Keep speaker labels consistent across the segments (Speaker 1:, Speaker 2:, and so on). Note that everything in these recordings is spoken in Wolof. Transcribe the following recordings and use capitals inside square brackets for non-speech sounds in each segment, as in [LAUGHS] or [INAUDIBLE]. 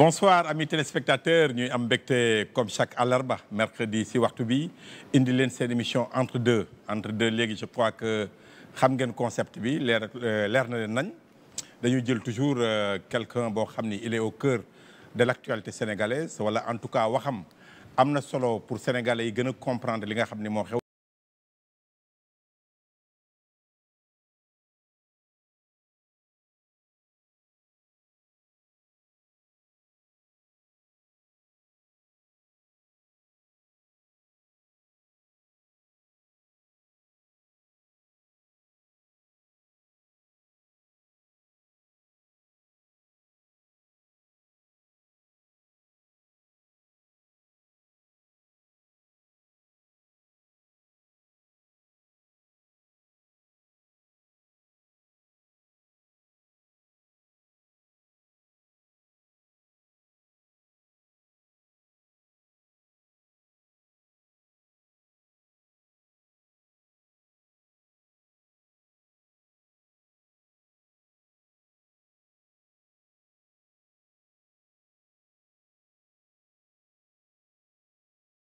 Speaker 1: bonsoir amis téléspectateurs ñuy am mbégte comme chaque àllarba mercredi si waxtu bi indi leen seen émission entre deux entre deux léegi je crois que xam ngeen concept bi leer euh, leer na leen nañ dañuy jël toujours euh, quelqu'un boo xam ni il est au cœur de l'actualité sénégalaise wala en tout cas waxam am na solo pour sénégalais yi gën a comprendre li nga xam ni moo xew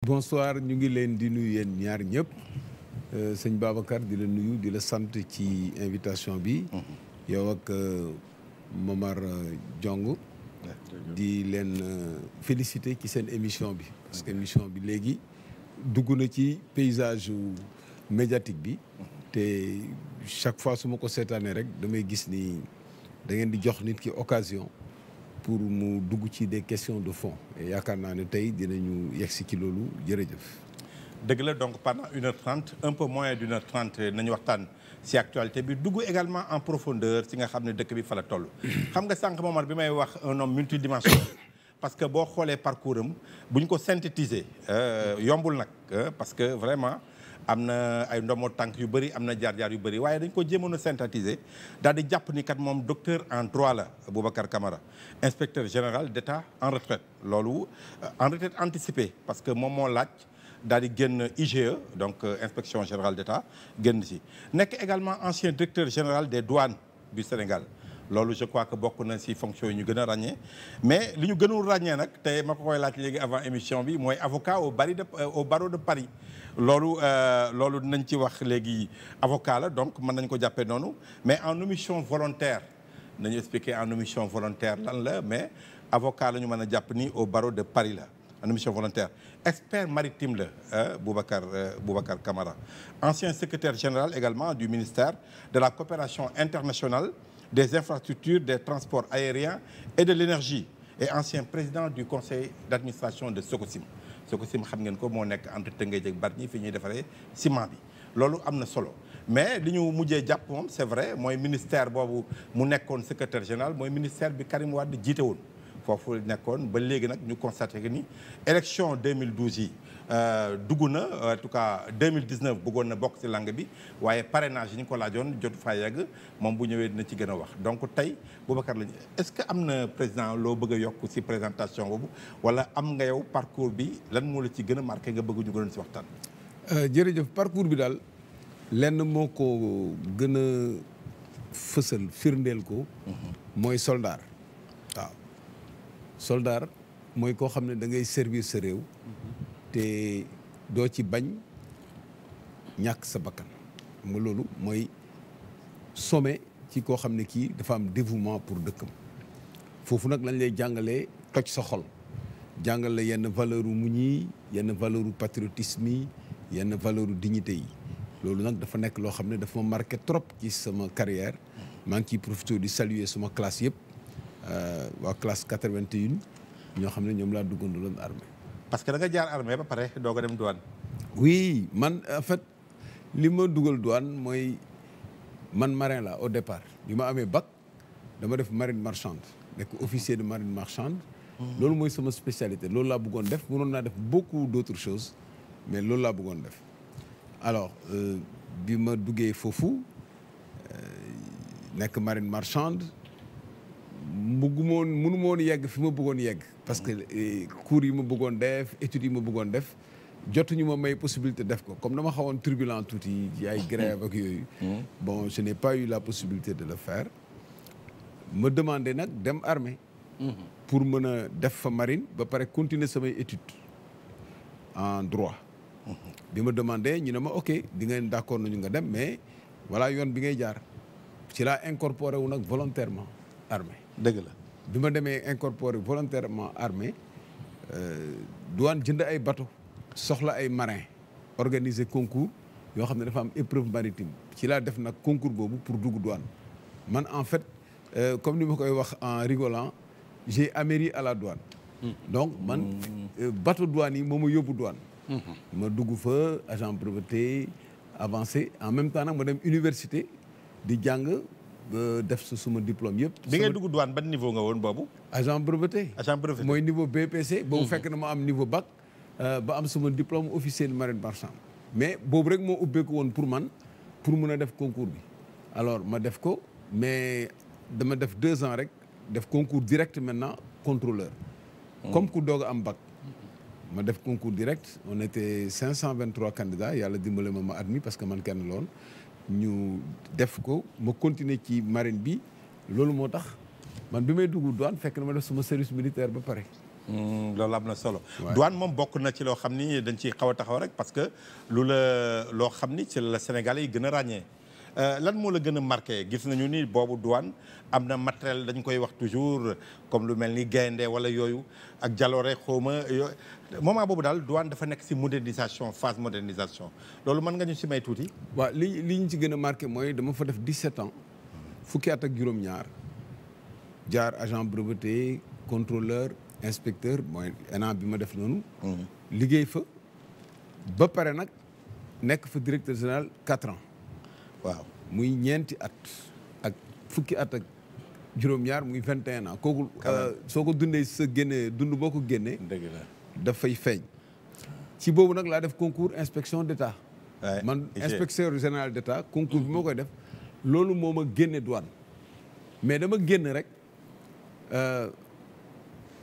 Speaker 2: bonsoir ñu ngi leen di nuyu yéen ñaar ñëpp euh,
Speaker 3: sëñ Babacar di la nuyu di la sant ci invitation bi. yow ak euh, Momar euh, Jong di leen félicité ci seen émission bi. parce que émission bi léegi dugg na ci paysage médiatique bi. Mhm. te chaque fois su ma ko seetaanee rek damay gis ni da ngeen di jox nit ki occasion. pour mu dugg ci des questions de fond yaakaar naa ne tey dinañu yegsi ci loolu jërëjëf.
Speaker 1: dëgg la donc pendant une heure trente un peu moins d' une heure trente nañu waxtaan si actualité bi dugg également en profondeur si nga xam ne dëkk bi fa la toll. xam nga sànq Momar bi may wax un homme multidimensionnel parce que boo xoolee parcours am bu ñu ko synthétiser euh, yombul nag euh, parce que vraiment. am na ay ndomo tànk yu bëri am na jaar-jaar yu bëri waaye dañ ko jéemoon a synthétiser daal di jàpp ni kat moom docteur en droit la Boubacar kamara inspecteur général d'État en retraite loolu euh, en retraite anticipée parce que moom moo laaj daal di génn IGE donc euh, inspection général d'État génn ci nekk également ancien directeur général des douanes du Sénégal loolu je crois que bokk na si fonction yi ñu gën a ràññee mais li ñu gënul ràññee nag te ma ko koy laaj léegi avant émission bi mooy avocat au euh, barreau de au de Paris loolu euh, loolu dinañ ci wax léegi avocat la donc mën nañ ko jàppee noonu mais en omission volontaire nañu expliquer en omission volontaire lan la mais avocat la ñu mën a jàpp ni au barreau de Paris la en omission volontaire expert maritime la Boubacar euh, Boubacar Camara ancien secretaire général également du ministère de la coopération internationale des infrastructures, des transports aériens et de l'énergie et ancien président du conseil d'administration de Sococim Sococim xam ngeen ko moo nekk entre Tëngéej ak Bargny fi ñuy defaree ciment bi loolu am na solo mais li ñu mujjee jàpp moom c'est vrai mooy ministère boobu mu nekkoon secrétaire général mooy ministère bi Karim Wade jiite woon foofu nekkoon ba léegi nag ñu constaté que ni élection 2012 yi Euh, dugg na en tout cas 2019 bëggoon na bokk ci langue bi waaye parrainage yi ñu ko laajoon jot faa yegg moom bu ñëwee dina ci gën a wax donc tey Boubacar lañu est-ce que am na président loo bëgg yokk ci présentation boobu walla am nga yow parcours bi lan moo la ci gën a marqué nga bëgg ñu gënoon ci waxtaan. Euh, jërëjëf parcours bi daal
Speaker 3: lenn moo ko gën a fësal firndeel ko. Mhm. mooy soldaar waaw soldaar mooy koo xam ne da ngay servir sa réew. Mhm. te doo ci bañ ñàkk sa bakkan xam loolu mooy sommet ci koo xam ne kii dafa am dévouement pour dëkkam foofu nag lañ lay jàngale toj sa xol jàngale yenn valeur u muñ yi yenn valeur u patriotisme yi yenn valeur u dignité yi loolu nag dafa nekk loo xam ne dafa ma marqué trop ci sama carrière maa ngi ciy profité di saluer suma classe yëpp euh, waa classe 81 ñoo xam ne ñoom laa duggandoo loon armée parce que da nga jaar armée ba pare doo ko dem douane. oui man en fait li ma dugal douane mooy man marin la au départ bi ma amee bac dama def marine marchande nekk officier de marine marchande. Hmm. loolu mooy sama spécialité loolu laa bëggoon def mënoon naa def beaucoup d' chose mais loolu laa bëggoon def alors euh, bi ma duggee foofu euh, nekk marine marchande mbuggu ma woon mënu yegg fi ma buggoon yegg. parce que eh, cours yi ma bëggoon def études yi ma bëggoon def jotuñu ma may possibilité def ko comme dama xawoon turbulent tuuti yi ay grève ak yooyu mm. Mm. bon je n'ai pas eu la possibilité de le faire ma demandé nag dem armée mm-hmm. pour mën a def fa marine ba pare continuer samay étude en droit mm-hmm. bi ma demandé ñu ne ma ok di ngeen d'accord nañu nga dem mais voilà yoon bi ngay jaar ci la incorporé wu nag volontairement armée dëgg la bi ma demee incorporé volontairement armée euh, douane jënd ay bateau soxla ay marin organiser concours yoo xam ne dafa am épreuve maritime ci laa def nag concours boobu pour dugg douane man en fait euh, comme ni ma koy wax en rigolant j'ai améri à la douane hmm. donc man hmm. euh, bato douane yi moo ma yóbbu douane hmm. ma dugg fa agent breveté avancé en même temps nag ma dem université di jàng def sa suma diplôme yëpp. bi ngay dugg douane ban niveau nga woon boobu. agent breveté. agent breveté mooy niveau BPC. Mhm. boobu fekk na ma am niveau bac. Euh, ba am suma diplôme officier de marine marchande. mais boobu rek moo ubbeeku woon pour man pour mun a def concours bi. alors ma def ko mais dama def deux ans rek def concours direct maintenant contrôleur. Mhm. comme ku doog a am bac. ma def concours direct on était 523 candidats yàlla dimbale ma ma admis parce que man kenn loon ñu def ko ma continuer ci marine bi loolu moo tax man bi may dugg douane fekk na ma def suma service militaire ba pare.
Speaker 1: Hmm, loolu am na solo. douane moom bokk na ci loo xam ni dañ ciy xaw a taxaw rek parce que lu la loo xam ni ci la Sénégalais yi gën a ràññee. Euh, lan moo la gën a marqué gis nañu ni boobu douane am na matériel dañ koy wax toujours comme lu mel ni gaynde wala yooyu ak jaloore xawma moment boobu daal duwaan dafa nekk si modernisation fas modernisation loolu mën nga ñu si may tuuti. waa li li ñu ci gën a marqué mooy dama fa def 17 ans fukki at ak juróom-ñaar
Speaker 3: jaar agent breveté contrôleur inspecteur mooy ENA bi ma def noonu. Mhm. liggéey fa ba pare nag nekk fa directeur général 4 ans. waaw muy ñeenti at ak fukki at ak juróom-ñaar muy vingt et un kooku euh, soo ko dundee sa génnee dund boo ko génnee dafay feeñ si boobu nag laa def concours inspection d'état man inspecteur général d'état concours bi mhm. moo koy def loolu moo ma génne douane mais dama génne rek euh,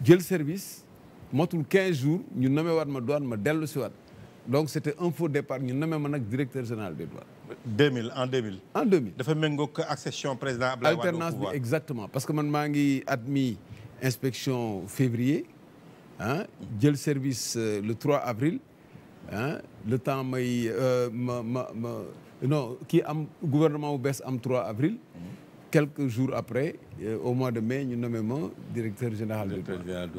Speaker 3: jël service motul quinze jours ñu nommé waat ma douane ma dellu si waat donc c'était un faux départ ñu nommé ma nag directeur général des douanes 2000 en 2000. en 2000 dafa méngóog accession président Abdoulaye Wade alternance bi exactement parce que man maa ngi admis inspection février ah jël service euh, le 3 avril ah le temps may euh, ma ma ma kii am gouvernement bu bees am 3 avril. quelques jours après euh, au mois de mai ñu nommé ma directeur général de.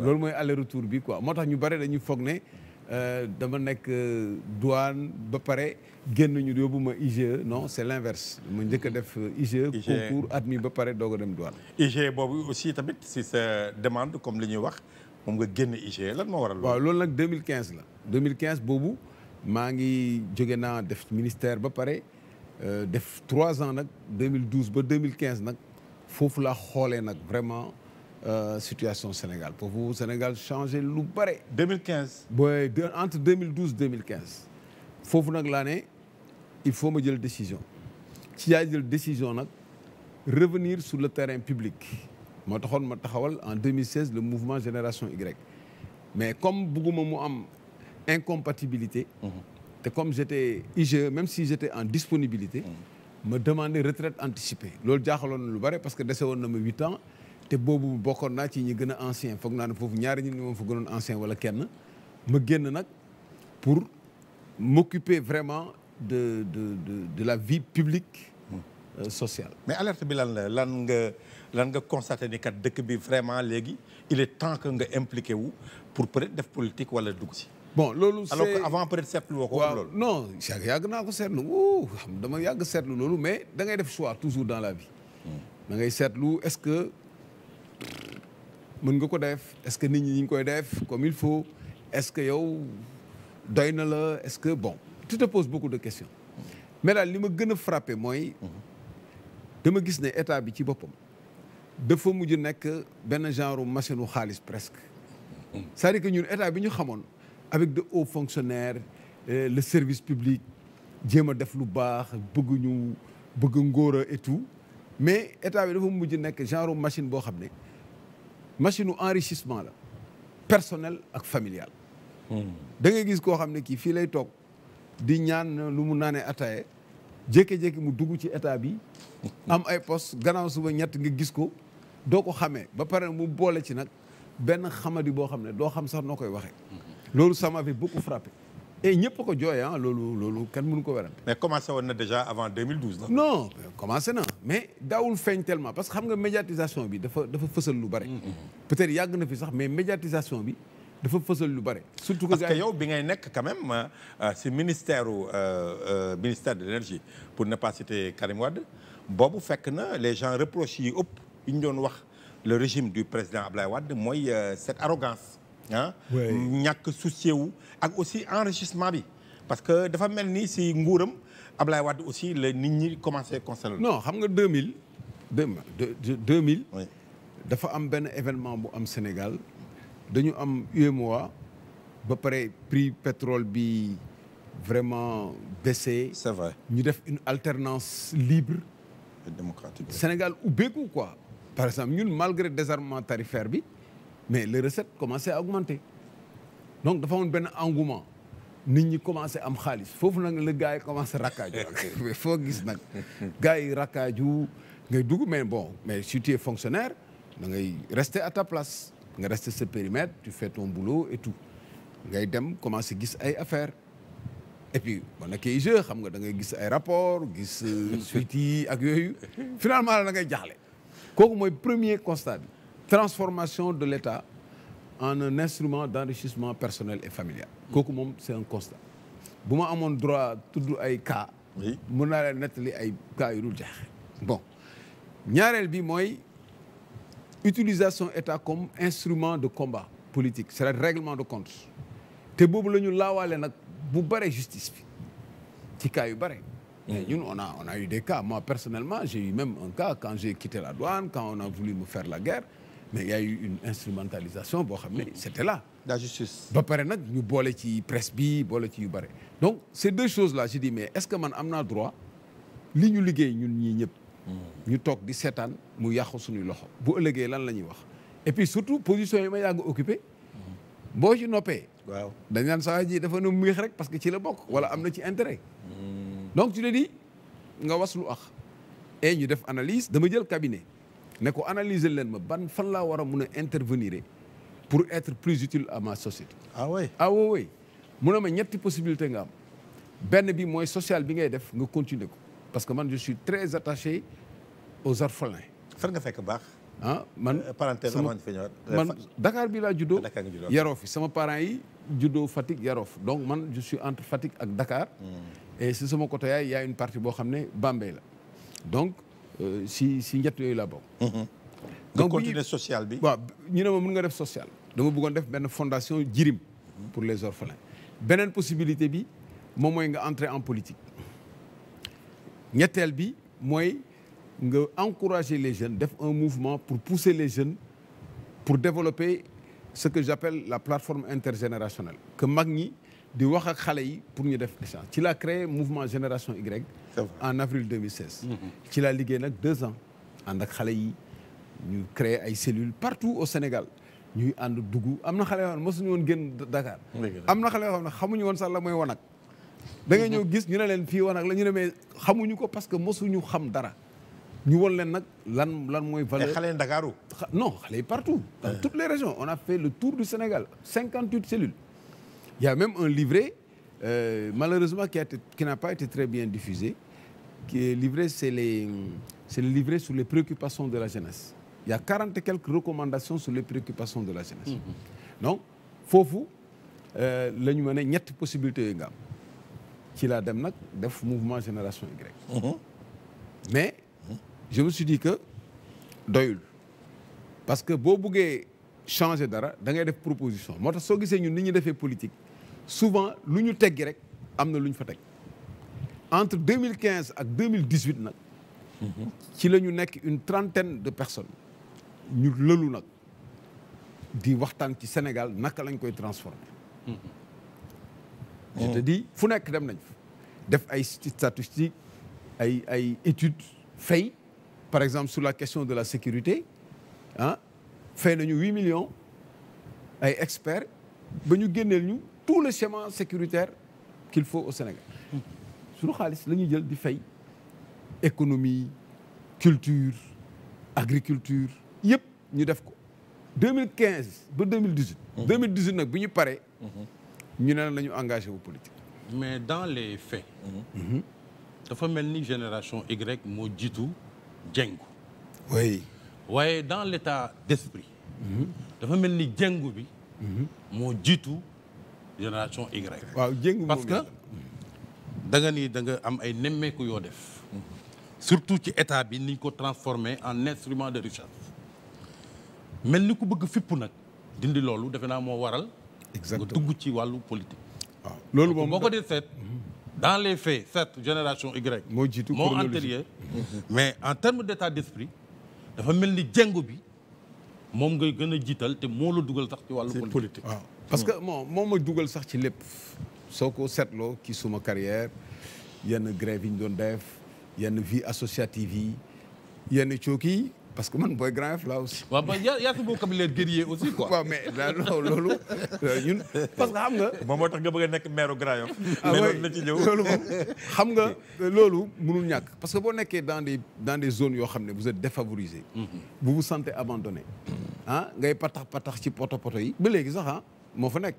Speaker 3: loolu mooy aller retour bi quoi moo tax ñu bare dañuy foog ne. Euh, dama nekk euh, douane ba pare génn ñu yóbbu ma IGE non c' est l' inverse ma njëkk a mm-hmm. def euh, IGE. E. concours admis ba pare doog dem douane.
Speaker 1: IGE boobu aussi tamit si sa demande comme li ñuy wax moom nga génn IGE lan moo waral. waaw loolu nag
Speaker 3: 2015 la 2015 boobu maa ngi jóge naa def ministère ba pare def trois ans nag 2012 ba 2015 nag foofu laa xoolee nag vraiment. Euh, situation Sénégal pour Sénégal changé lu bare. 2015. booy entre 2012 2015. foofu nag laa ne il faut ma jël décision si yaay jël décision nag revenir sur le terrain public moo taxoon ma taxawal en 2016 le mouvement Génération Y mais comme bugguma mu am incompatibilité. Mm-hmm. te comme j'étais IGE même si j'étais en disponibilité. Mm-hmm. ma demandé retraite anticipée loolu jaaxaloon na lu bare parce que dese na ma huit ans. te boobu bokkoon naa ci ñi gën a ancien foog naa ne foofu ñaari ñi moom fa gënoon ancien wala kenn ma génn nag pour m'occuper vraiment de de de la vie publique hmm. euh, sociale.
Speaker 1: mais alerte bi lan la lan nga lan nga constaté ni kat dëkk bi vraiment léegi il est temps que nga impliqué wu pour peut-être def politique wala dugg ci.
Speaker 3: bon loolu c'est alors que avant
Speaker 1: peut-être seetlu woo ko. waaw
Speaker 3: non yàgg naa ko seetlu wuu xam dama yàgg seetlu loolu mais dangay def choix toujours dans la vie. Hmm. da ngay seetlu est-ce que. mën nga ko def est-ce que nit ñi ñu ngi koy def comme il faut est-ce que yow doy na la est-ce que bon tu te poses beaucoup de questions mais daal li ma gën a frappé mooy dama gis ne état bi ci boppam dafa mujj nekk benn genre machine wu xaalis presque cest que ñun état bi ñu xamoon avec de hauts fonctionnaires euh, le service public jéem a def lu baax bëgg ñu bëgg ngóora et mais état bi dafa mujj nekk genre machine boo xam ne machine enrichissement la personnel ak familial da ngay gis koo xam ne kii fii lay toog di ñaan lu mu naanee ataaye jékki-jékki mu dugg ci état bi am ay poste gannaaw suba ñett nga gis ko doo ko xamee ba pare mu boole ci nag benn xamadi boo xam ne doo xam sax noo koy waxee loolu ça m'avait beaucoup frappé et ñëpp ko jooy ah loolu loolu kenn mun ko werante
Speaker 1: mais commencé woon na déjà avant 2012. non
Speaker 3: commencé na mais daawul feeñ tellement parce que xam nga médiatisation bi dafa dafa fësal lu bare. Mm-hmm. peut-être yàgg na fi sax mais médiatisation bi dafa fësal lu bare. surtout
Speaker 1: que parce que yow bi ngay nekk quand même ah, ah, si ministère euh, euh, ministère de l'énergie pour ne pas citer Karim Wade boobu fekk na les gens reproches yi ëpp yi ñu doon wax le régime du président Ablaye Wade mooy euh, cette arrogance. ah ñàkk soucié wu ak aussi enrichissement bi parce que dafa mel ni si nguuram Ablaye Wade aussi la nit ñi commencé concerné non xam nga 2000 2000
Speaker 3: dafa am benn événement bu am Sénégal dañu am UEMOA ba pare prix pétrole bi vraiment baissé c'est vrai ñu def une alternance libre et démocratique Sénégal ubbeeku quoi par exemple ñun malgré désarmement tarifaire bi mais les recettes commençaient à augmenter donc dafa amoon benn engouement nit ñi commencé am xaalis foofu nag le gars yi commencé rakkaaju [LAUGHS] mais foo gis nag gars yi rakkaaju ngay dugg mais bon mais si tu es fonctionnaire da ngay rester à ta place nga rester sa périmètre tu fais ton boulot et tout ngay dem commencé gis ay affaires et puis boo nekkee IGE xam nga da ngay gis ay rapport gis euh, suites yi ak yooyu finalement da ngay jaxle kooku mooy premier constat bi transformation de l'État en un instrument d'enrichissement personnel et familial. kooku moom c'est un constat. bu ma amoon droit tudd ay cas. mën naa leen nettali ay cas yu dul jeex. bon ñaareel bi mooy utilisation État comme instrument de combat politique c'est le règlement de compte te boobu la ñu laawaale nag bu bare justice bi ci yu bare. Mm. mais ñun on a on a eu des cas moi personnellement j'ai eu même un cas quand j'ai quitté la douane quand on a voulu me faire la guerre. mais il y une instrumentalisation boo xam ne mm. c'était la justice. ba pare nag ñu boole ci presse bi boole ci yu bare donc ces de choses la je dis mais est-ce que man am naa droit li ñu liggéey ñun ñii ñëpp. Mm. ñu toog di seetaan mu yàqu suñuy loxo. bu ëllëgee lan la ñuy wax et puis surtout position yi ma yàgg occupé mm. boo ci noppee. waaw dañ naan saa ji dafa nu muy rek parce que ci la bokk. wala am na ci intérêt. donc tu te dis nga waslu ax. et ñu def analyse dama jël cabinet. ne ko analyser leen ma ban fan laa war a mun a intervenir pour être plus utile à ma société. ah oui ah ma ñetti possibilité nga am benn bi mooy social bi ngay def nga continuer ko parce que man je suis très au aux orphelins. fan nga fekk baax. ah man euh, parenthèse avant fi ñëwaat man bi laa juddoo yaroo fi sama parent yi juddoo Fatick yaroo donc man je suis entre Fatick ak Dakar. Hmm. et si sama côté yaay y une partie boo xam ne Bambey la Euh, si si ñett yooyu laa bokk. Mhm. donc continuer social bi. waaw ñu ne ma nga def social. dama buggoon def benn fondation jirim pour les orphelins. beneen possibilité bi moom mooy nga entrer en politique ñetteel bi mooy nga encourager les jeunes def un mouvement pour pousser les jeunes pour développer ce que j'appelle la plateforme intergénérationnelle que mag ñi. di wax ak xale yi pour ñu def échange ci la créé mouvement génération Y en avril 2016 ci laa liggéey nag deux ans ànd ak xale yi ñu créé ay cellules partout au Sénégal ñu ànd dugg am na xale yoo xam ne mosuñu woon génn Dakar am na xale yoo xam ne xamuñu woon sax la mooy wanag da ngay ñëw gis ñu ne leen fii wanag la ñu ne xamuñu ko parce que mosuñu xam dara ñu woon leen nag lan lan mooy valeur xale Ndakaaru non xale yi partout dans toutes les régions on a fait le tour du Sénégal cinquante huit cellules Il y même un livret, euh, malheureusement, qui, qui n'a pas été très bien diffusé. Qui est livré, c'est le livret sur les préoccupations de la jeunesse. Il y a 40 et quelques recommandations sur les préoccupations de la jeunesse. Mm -hmm. Donc, foofu euh, la ñu mën a ñetti possibilités yooyu nga am ci laa dem nag def mouvement génération Y. Mm mais mm -hmm. je me suis dit que doyul parce que boo buggee changer dara da ngay def proposition moo tax soo gisee ñun ni ñu defee politique. souvent lu ñu teggi rek am na lu ñu fa teg entre deux mille quinze ak deux mille dix huit nag. ci la ñu nekk une trentaine de personnes ñu lëlu nag di waxtaan ci Sénégal naka lañ koy transformer je te oh. dis fu nekk dem nañ def ay statistiques ay ay études fay par exemple sur la question de la sécurité ah fay nañu huit millions ay experts ba ñu génneel ñu tout le schéma sécuritaire qu'il faut au Sénégal suñu xaalis la ñuy jël di fay économie culture agriculture yëpp ñu def ko 2015 ba 2018 2018 nag bu ñu paree
Speaker 4: ñu ne la ñu engagé wu politique mais dans les faits dafa mel ni génération Y moo jiitu jengu oui waaye dans l'état d'esprit dafa mel ni jengu bi moo jiitu génération Y. waaw jéng parce que da nga ni da nga am ay nemmeeku yoo def. surtout ci état bi niñ ko transformé en instrument de richesse. mel ni ku bëgg fipp nag dindi loolu defe naa moo waral. exactement nga dugg ci wàllu politique. waaw loolu moom boo ko dee seet. dans le faits cette génération Y. moo jiitu moo antérieur. en terme d' état d' esprit dafa mel ni jéngu bi moom ngay gën a jiital te moo la dugal sax ci wàllu politique. parce que mm. bon moom ma dugal
Speaker 3: sax ci lépp soo ko seetloo ci suma carrière yenn grève yi ñu doon def yenn vie associative yi yenn cooki yi parce que man booy grève là aussi.
Speaker 4: waaw man y' a y' a ce vocabulaire guerrier aussi quoi. waaw mais loolu euh, ñun parce que xam nga.
Speaker 1: moom moo tax nga bëgg a nekk maire Grand Yoff.
Speaker 3: ah loolu na ci ñëw loolu moom xam nga loolu mënul ñàkk parce que boo nekkee dans de dans des zones yoo xam ne vous êtes défavorisé. Mm-hmm. vous vous sante abandonné. ah ngay patax patax ci poto poto yi ba léegi sax ah. moo fa nekk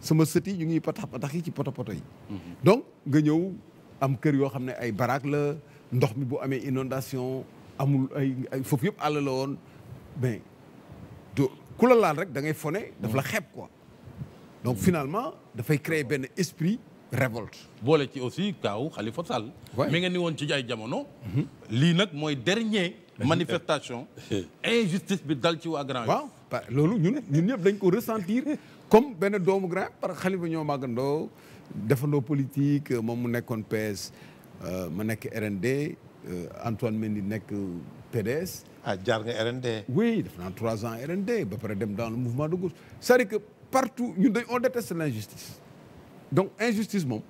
Speaker 3: sama sët yi ñu ngi patax patax yi ci poto poto yi. Mhm. donc nga ñëw am kër yoo xam ne ay baraak la ndox mi bu amee inondation amul ay ay foofu yëpp àll la woon mais du ku la laal rek da ngay fone daf la mhm. xeeb quoi donc finalement
Speaker 4: dafay créer benn esprit révolte. boole ci aussi kaaw Khalifa Sall. mi nga ni woon ci ay jamono. Mhm. lii nag mooy dernier manifestation [LAUGHS] injustice bi dal ci waa Grand Yoff.
Speaker 3: loolu ñun ñun ñëpp dañ ko ressentir comme benn doomu grand parce que Khalifa ñoo màggandoo defandoo politique moom mu nekkoon PS euh, ma nekk RND euh, Antoine Mendy nekk PDS. ah jaar nga RND. oui def naa trois ans RND ba pare dem dans le mouvement de gauche cest à que partout ñun dañ on déteste l'injustice donc injustice moom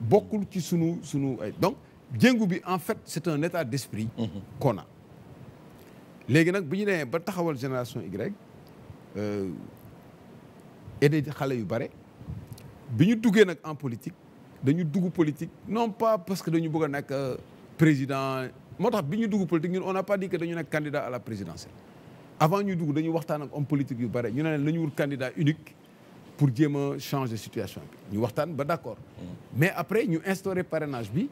Speaker 3: bokkul ci sunu sunu ay donc jéngu bi en fait c'est un état d'esprit mhm. qu'on léegi nag bi ñu nee ba taxawal génération Y euh, aidé xale yu bare bi ñu duggee nag en politique dañu dugg politique non pas parce que dañu bëgg nag euh, président moo tax bi ñu dugg politique ñun on n'a pas dit que dañu nekk candidat à la présidentielle avant ñu dugg dañu waxtaan ak homme politique yu bare ñu ne leen wur ñu wut candidat unique pour jéem a changer situation bi ñu waxtaan ba d'accord mm. mais après ñu instaurer parrainage bi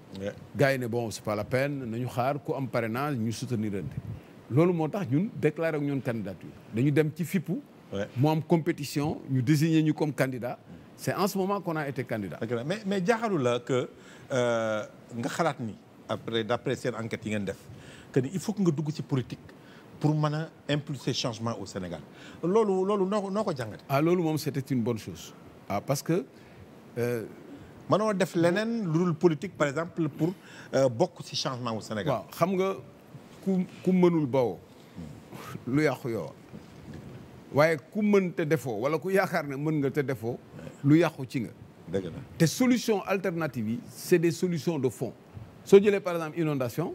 Speaker 3: gars yi ne bon c'est pas la peine nañu xaar ku am parrainage ñu soutenir leen loolu moo tax ñun déclaré ñun candidature dañu dem ci fippu moom compétition ñu désigné ñu comme candidat
Speaker 1: c'est en ce moment qu'on a été candidat mais mais jaaxalu la que euh, nga xalaat ni après d'après seen enquête yi ngeen def que il faut nga dugg ci politique pour mën a impulser changement au Sénégal loolu loolu noo noo ko jàngate ah loolu moom c'était une bonne chose ah parce que euh, mënoo def leneen lu dul politique par exemple pour euh, bokk ci changement au Sénégal xam nga ku ku mënul bawoo
Speaker 3: lu yàqu yow waaye ku mën te defoo wala ku yaakaar na mën nga te defoo lu yàqu ci nga dëgg la te solution alternative yi c'est des solution de fond soo jëlee par exemple inondation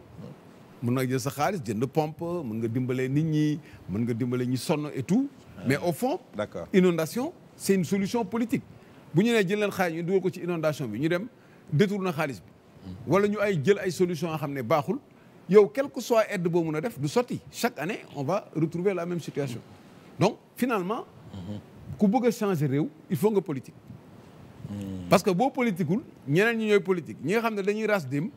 Speaker 3: mën nga jël sa xaalis jënd pompe mën dimbale nit ñi mën nga dimbale ñi sonn et tout ah. mais au fond d'accord inondation c'est une solution politique bu ñu nee jël leen xaalis ñu dugal ko ci inondation bi ñu dem na xaalis bi hmm. wala ñu ay jël ay solution yoo xam ne baaxul yow quelque que soit aide boo mun a def du sotti chaque année on va retrouver la même situation donc finalement ku bëgg a changer réew il faut nga politique parce que boo politikul ñeneen ñi ñooy politique ñi nga xam ne dañuy ras dem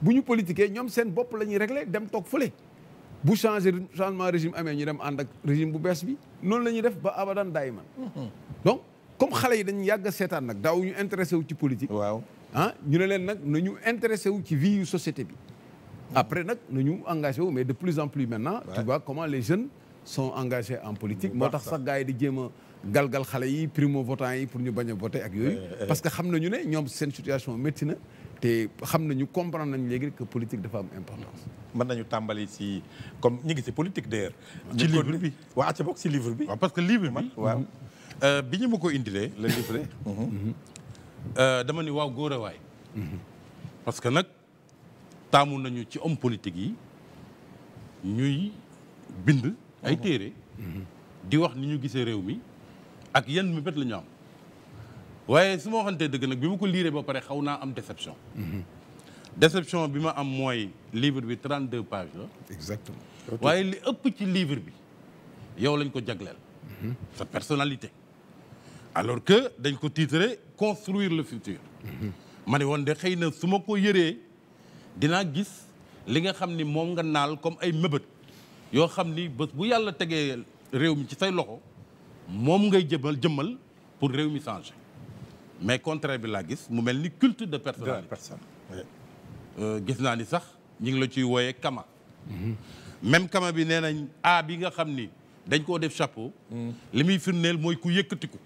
Speaker 3: bu ñu politiquee ñoom seen bopp la ñuy régler dem toog fule bu changer changement régime amee ñu dem ànd ak régime bu bees bi noonu la ñuy def ba abadan daay man donc comme xale yi dañ yàgg seetaan nag daaw ñu intéressé wu ci politique waaw ah ñu ne leen nag na ñu intéressé wu ci vie yu bi après nag nañu engagé wu mais de plus en plus maintenant tu vois comment les jeunes sont engagés en politique moo tax sax gars yi di jéem a galgal xale yi primo votant yi pour ñu bañ a voter ak yooyu parce que xam nañu ne ñoom seen situation métti na te xam nañu comprendre nañ
Speaker 1: léegi que politique dafa am importance mën nañu tàmbali si comme ñu ngi si politique d'ailleurs ci
Speaker 4: livre bi waaw ca bokk si livre bi waaw que livre bi waaw mm-hmm. euh, bi ñu ma ko indilee la livre mm-hmm. euh, dama ni waaw góor waay mm-hmm. taamu nañu ci homme politique yi ñuy bind ay téere di wax ni ñu gisee réew mi ak yan mébét la ñu am waaye su ma waxantee dëgg nag bi ma ko liiree ba pare xaw naa am déception mhm. déception bi ma am mooy livre bi 32 pages la exactement waaye li ëpp ci livre bi yow lañ ko jagleel mhm. sa personnalité alors que dañ ko titré construire le futur mhm. ma ne woon de xëy na su ma ko yéree dinaa gis li nga xam ni moom nga naal comme ay mëbët yoo xam ni bés bu yàlla tegee réew mi ci say loxo moom ngay jëmal jëmmal pour réew mi changer mais contrer bi laa gis mu mel ni culte de personnalité euh, gis naa ni sax ñu ngi la ciy wooyee kama mhm. même kama bi nee nañ a bi nga xam ni dañ koo def chapeau mhm. li muy firndeel mooy ku yëkkatiku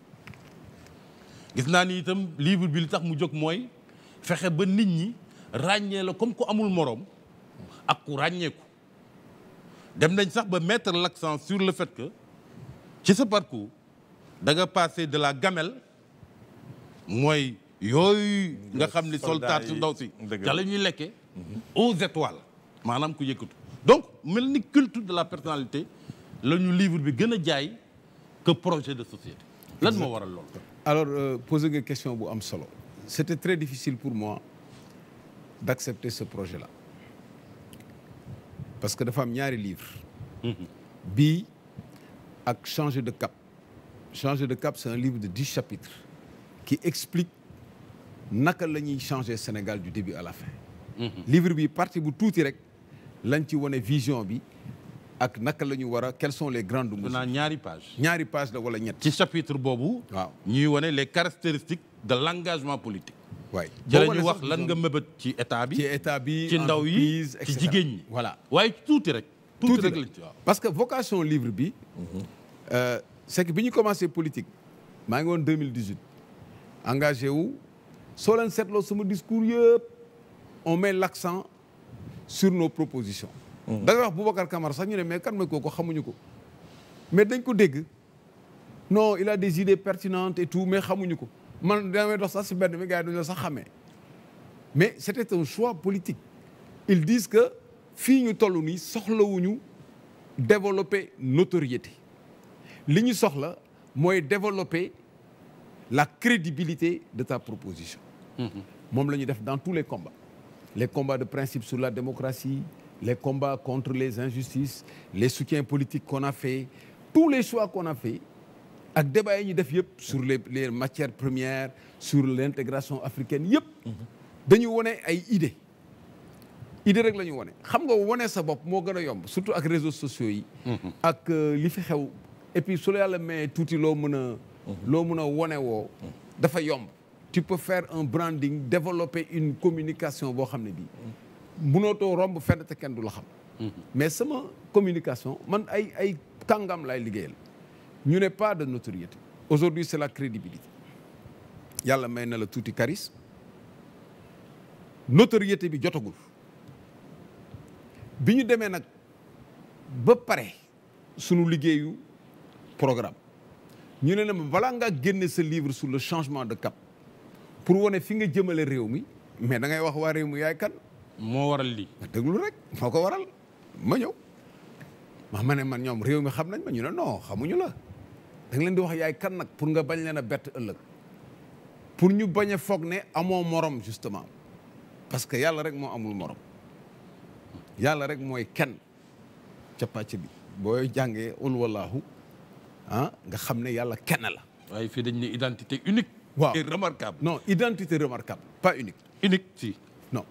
Speaker 4: gis naa ni itam livre bi li tax mu jóg mooy fexe ba nit ñi ràññee la comme ku amul moroom ak ku ràññeeku dem nañ sax ba mettre l'accent sur le fait que ci sa parcours da nga passé de la gamelle mooy yooy nga xam ni soldat su ndaw si ca la ñuy lekkee aux étoiles maanaam ku yëkkatu donc mel ni culte de la personnalité la ñu livre bi gën a jaay que projet de société lan moo waral loolu
Speaker 3: alors euh, poser nga question bu am solo c'était très difficile pour moi d'accepter ce projet-là parce que dafa am ñaari livre mm-hmm. bii ak changer de cap changer de cap c'est un livre de dix chapitres qui explique naka la ñuy changer Sénégal du début à la fin mm-hmm. livre bi parti bu tuuti rek lañ ci wane vision bi ak naka la ñu war a quelles sont
Speaker 4: les grandes mesures ñaari page page la wala ñett ci chapitre boobu waaw ñuy wane les caractéristiques de l'engagement politique waay jërë wax lan nga mëbët ci état bi ci état bi ci ndaw yi ci jigéen ñi voilà waaye tuuti rek tuuti rek lañ
Speaker 3: parce que vocation livre bi mhm. euh, c'est que bi ñu commencé politique maa ngi woon 2018 engagé wu soo leen seetloo sama discours yëpp on met l'accent sur nos propositions mhm. da ngay wax Boubacar kamar sax ñu ne mais kan mooy ko xamuñu ko mais dañ ko dégg non il a des idées pertinentes et tout mais xamuñu ko man damay dox sax si mbedd mi gars yi duñu la sax xamee mais c'était un choix politique ils disent que fii ñu toll nii soxlawuñu développer notoriété li ñu soxla mooy développer la crédibilité de ta proposition mm-hmm. moom la ñu def dans tous les combats les combats de principe sur la démocratie les combats contre les injustices les soutiens politiques qu'on a fait tous les choix qu'on a fait ak débat yi ñu def yëpp sur les les matières premières sur l'intégration africaine yëpp mhm. dañu wone ay idées idée rek la ñu wone xam nga wone sa bopp moo gën a yomb surtout ak réseaux sociaux yi mhm. ak euh, li fi xew et puis su la yàlla may tuuti loo mën a mhm. loo mën a wone woo dafa yomb tu peux faire un branding développer une communication boo xam ne bii mënootoo romb fenn te kenn du la xam mais sama communication man ay ay kàngam laay liggéeyal ñu ne pas de notoriété aujourd'hui c'est la crédibilité yàlla may na la tuuti charisme notoriété bi jotagul bi ñu demee nag ba pare sunu liggéeyu programme ñu ne na ma balaa ngaa génne sa livre sur le changement de cap pour wane fi nga jëmale réew mi mais da ngay wax waa réew mi yaay kan moo waral lii déglu rek moo ko waral ma ñëw ma ma ne man ñoom réew mi xam nañ ma ñu ne non xamuñu la da leen di wax yaay kan nag pour nga bañ leen a bett ëllëg pour ñu bañ a foog ne amoo morom justement parce que yàlla rek moo amul morom yàlla rek mooy kenn ca pàcc bi booy jàngee ul wallahu ah nga xam ne yàlla
Speaker 4: kenn la. waaye fii dañ ne identité unique. waaw
Speaker 1: et remarquable. non identité remarquable pas unique. unique si. non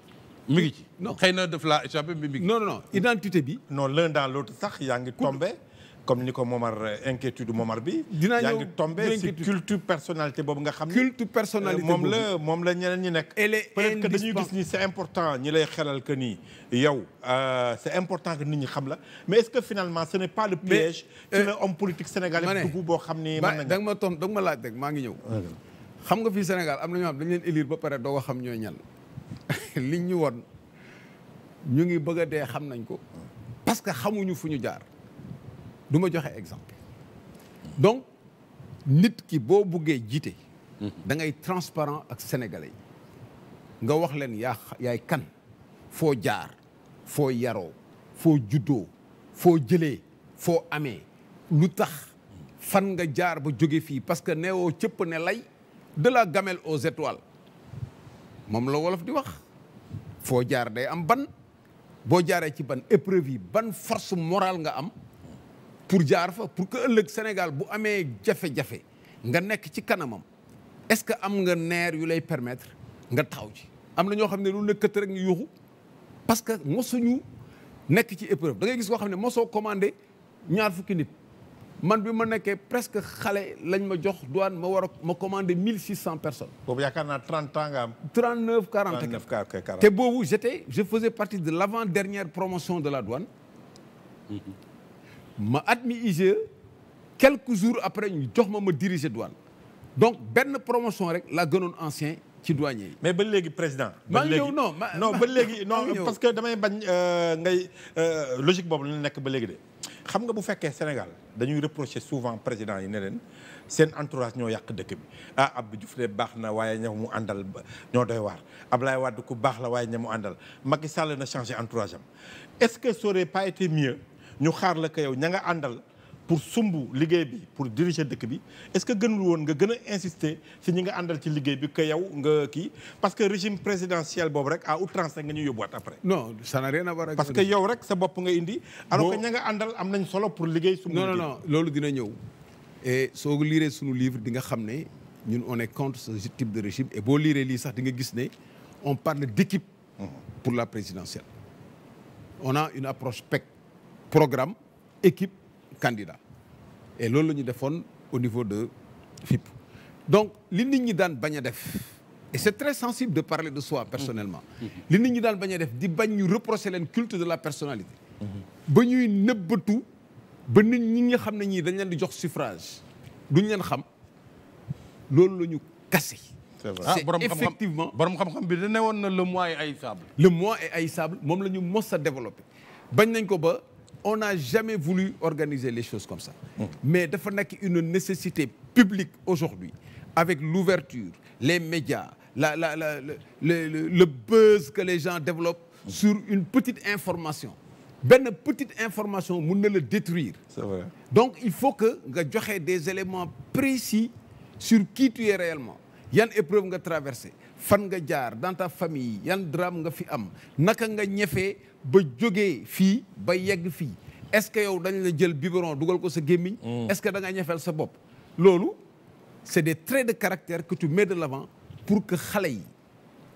Speaker 1: mi ngi ci. non xëy na def laa échappé mi ngi. non non identité bi. non l'un dans l'autre sax yaa ngi tombe comme ni ko Momar euh, inquiétude Momar bi. dinaa ñëw yaa ngi tombé si culte personnalité boobu nga xam ne. culte personnalité euh, moom la moom la ñeneen ñi nekk. elle est peut-être c'est important ñi lay xelal que nii yow euh, c'est important que nit ñi xam la mais est-ce que finalement ce n'est pas le piège. boo xam ni. mën nañu ma ton da nga ma laaj rek maa ngi ñëw. xam
Speaker 3: nga fii Sénégal am na ñoo xam dañu leen élire ba pare doo ko xam ñooy ñan [LAUGHS] liñ ñu woon ñu ngi bëgg a dee xam nañ ko parce que xamuñu fu ñu jaar duma joxe exemple donc nit ki boo buggee jiite da ngay transparent ak sénégalais yi nga wax leen yaa yaay kan foo jaar foo yaroo foo juddoo foo jëlee foo amee lu tax fan nga jaar ba jóge fii parce que neewoo cëpp ne lay de la gamelle aux étoiles moom la wolof di wax foo jaar day am ban boo jaaree ci ban épreuve yi ban force morale nga am pour jaar fa pour que ëllëg Sénégal bu amee jafe-jafe nga nekk ci kanamam est-ce que am nga neer yu lay permettre nga taxaw ci am na ñoo xam ne lu la këtt rek ñu yuuxu parce que mosuñu nekk ci épreuve da ngay gis koo xam ne mosoo commandé ñaar fukki nit man bi ma nekkee presque xale lañ ma jox douane ma war ma commandé mille six cent personnes. boobu yaakaar naa trente ans nga am. trente te boobu j'étais je faisais partie de l'avant-dernière promotion de la douane. Mm-hmm. ma admis IGE quelques jours après ñu jox ma ma diriger douane donc benn promotion rek
Speaker 1: laa gënoon ancien ci douanier yi. mais ba léegi président. ba léegi non non ba léegi [LAUGHS] non parce que damay bañ euh, ngay euh, logique boobu la nekk ba léegi de. xam nga bu fekkee Sénégal dañuy reprocher souvent président yi ne leen seen entourage ñoo yàq dëkk ah Abdou Diouf baax na waaye ña mu àndal ñoo doy waar Ablaye Wade ku baax la waaye ña mu àndal Macky Sall na changé entourage am est-ce que ça aurait pas été mieux. ñu xaar la ko yow ña nga àndal pour sumb liggéey bi pour diriger dëkk bi est-ce que gënul woon nga gën a insister si ñi nga àndal ci liggéey bi que yow nga kii parce que régime présidentiel boobu rek a outrance nga ñu yóbbuwaat après. non ça n'a rien à voir parce que yow rek sa bopp nga indi. alors que ña nga àndal am nañ solo pour liggéey. sumb non non non loolu dina
Speaker 3: ñëw. et soo ko liiree sunu livre di nga xam ne ñun on est contre ce type de régime et boo liiree lii sax di nga gis ne on parle d'équipe pour la présidentielle. on programme équipe candidat et loolu la ñu defoon au niveau de FIP. donc li nit ñi daan bañ def et c'est très sensible de parler de soi personnellement. Mm-hmm. Mm-hmm. li nit ñi daan bañ a def di bañ ñu reprocher leen culte de la personnalité. Mm-hmm. ba ñuy nëbbatu ba nit ñi nga xam ne ñii dañ leen di jox suffrage duñ leen xam loolu la ñu kase. c'est vrai ah, borom xam-xam borom xam-xam bi da newoon na le moi ay haïssable. le moi est haïssable moom la ñu mos développé bañ nañ ko ba on n'a jamais voulu organiser les choses comme ça. Mais dafa nekk une nécessité publique aujourd'hui avec l'ouverture, les médias, la la la le le le buzz que les gens développent mmh. sur une petite information. benn petite information mën na la détruire. Donc il faut que nga joxe des éléments précis sur qui tu es réellement. yan épreuve nga traversé fan nga jaar dans ta famille yan drame nga fi am naka nga ñefee ba jógee fii ba yegg fii est-ce que yow dañu la jël biberon dugal ko sa gémmiñ mm. est-ce que da ñefeel sa bopp loolu c'est des traits de caractère que tu mets de l'avant pour que xale yi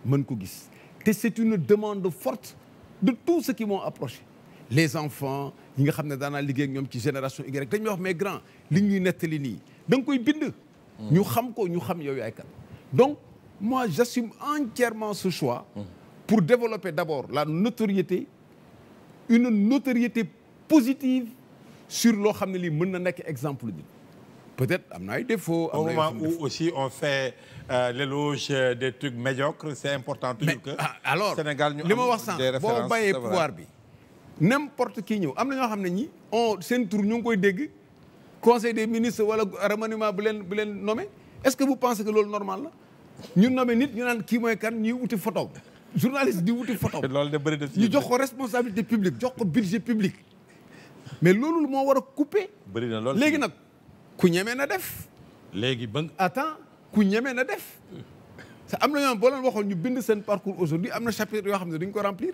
Speaker 3: mën ko gis te c'est une demande forte de tous ceux qui m'ont approché les enfants ñi nga xam ne daanaa liggéey ñoom ci génération Y rek dañuy wax mais grand li ñuy nettali nii danga koy bind mm. ñu xam ko ñu xam yow yaay moi j'assume entièrement ce choix pour développer d'abord la notoriété une notoriété positive sur loo xam ne lii mën na nekk exemple bi peut-être am
Speaker 1: na ay défauts. am na ay moment où aussi on fait euh, l'éloge des trucs médiocres c'est important. toujours que ah, alors Sénégal ñu am li ma wax sànq boo bàyyee pouvoir bi.
Speaker 3: n'importe qui ñëw am na ñoo xam ne ñi on seen tour ñu ngi koy dégg conseil des ministres wala remaniement bu leen bu leen nommé est-ce que vous pensez que loolu normal la. ñu nommé nit ñu naan kii mooy kan ñuy wuti photo journaliste di wuti photo [LAUGHS]
Speaker 1: loolu de bëri ñu jox
Speaker 3: ko responsabilité publique jox ko budget public mais loolu moo war a couper. bëri na loolu léegi nag ku ñeme na def. léegi ba attends ku ñeme na def. te am na ñoo boo leen waxoon ñu bind seen parcours aujourd'hui am na chapitre yoo xam ne dañu ko remplir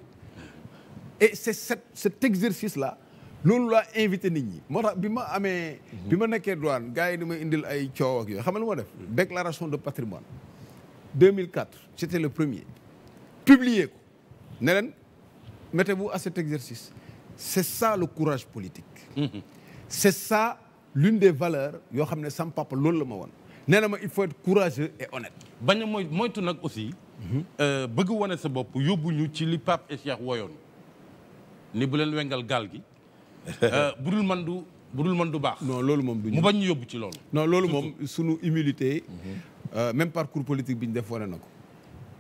Speaker 3: et c'est cet cet exercice la loolu laa invité nit ñi moo tax bi ma amee. bi ma nekkee douane gars yi di ma indil ay coow ak yooyu xam nga lu ma def mm. déclaration de patrimoine 2004 j'étais le premier publier ko ne leen mettez-vous à cet exercice c'est ça le courage politique c'est ça l'une des valeurs yoo xam ne sam papa loolu la ma won nee na ma il faut être courageux
Speaker 4: et honnête bañ a mooy moytu nag aussi euh, bëgg wane sa bopp yóbbu ñu ci li Pape et Cheikh woyoon ni bu leen wengal gaal gi [LAUGHS] euh, bu dul man du bu dul du baax non loolu moom du mu bañ yóbbu ci loolu
Speaker 3: non loolu moom sunu humilité mhm. Euh, même parcours politique bi ñu def wane na ko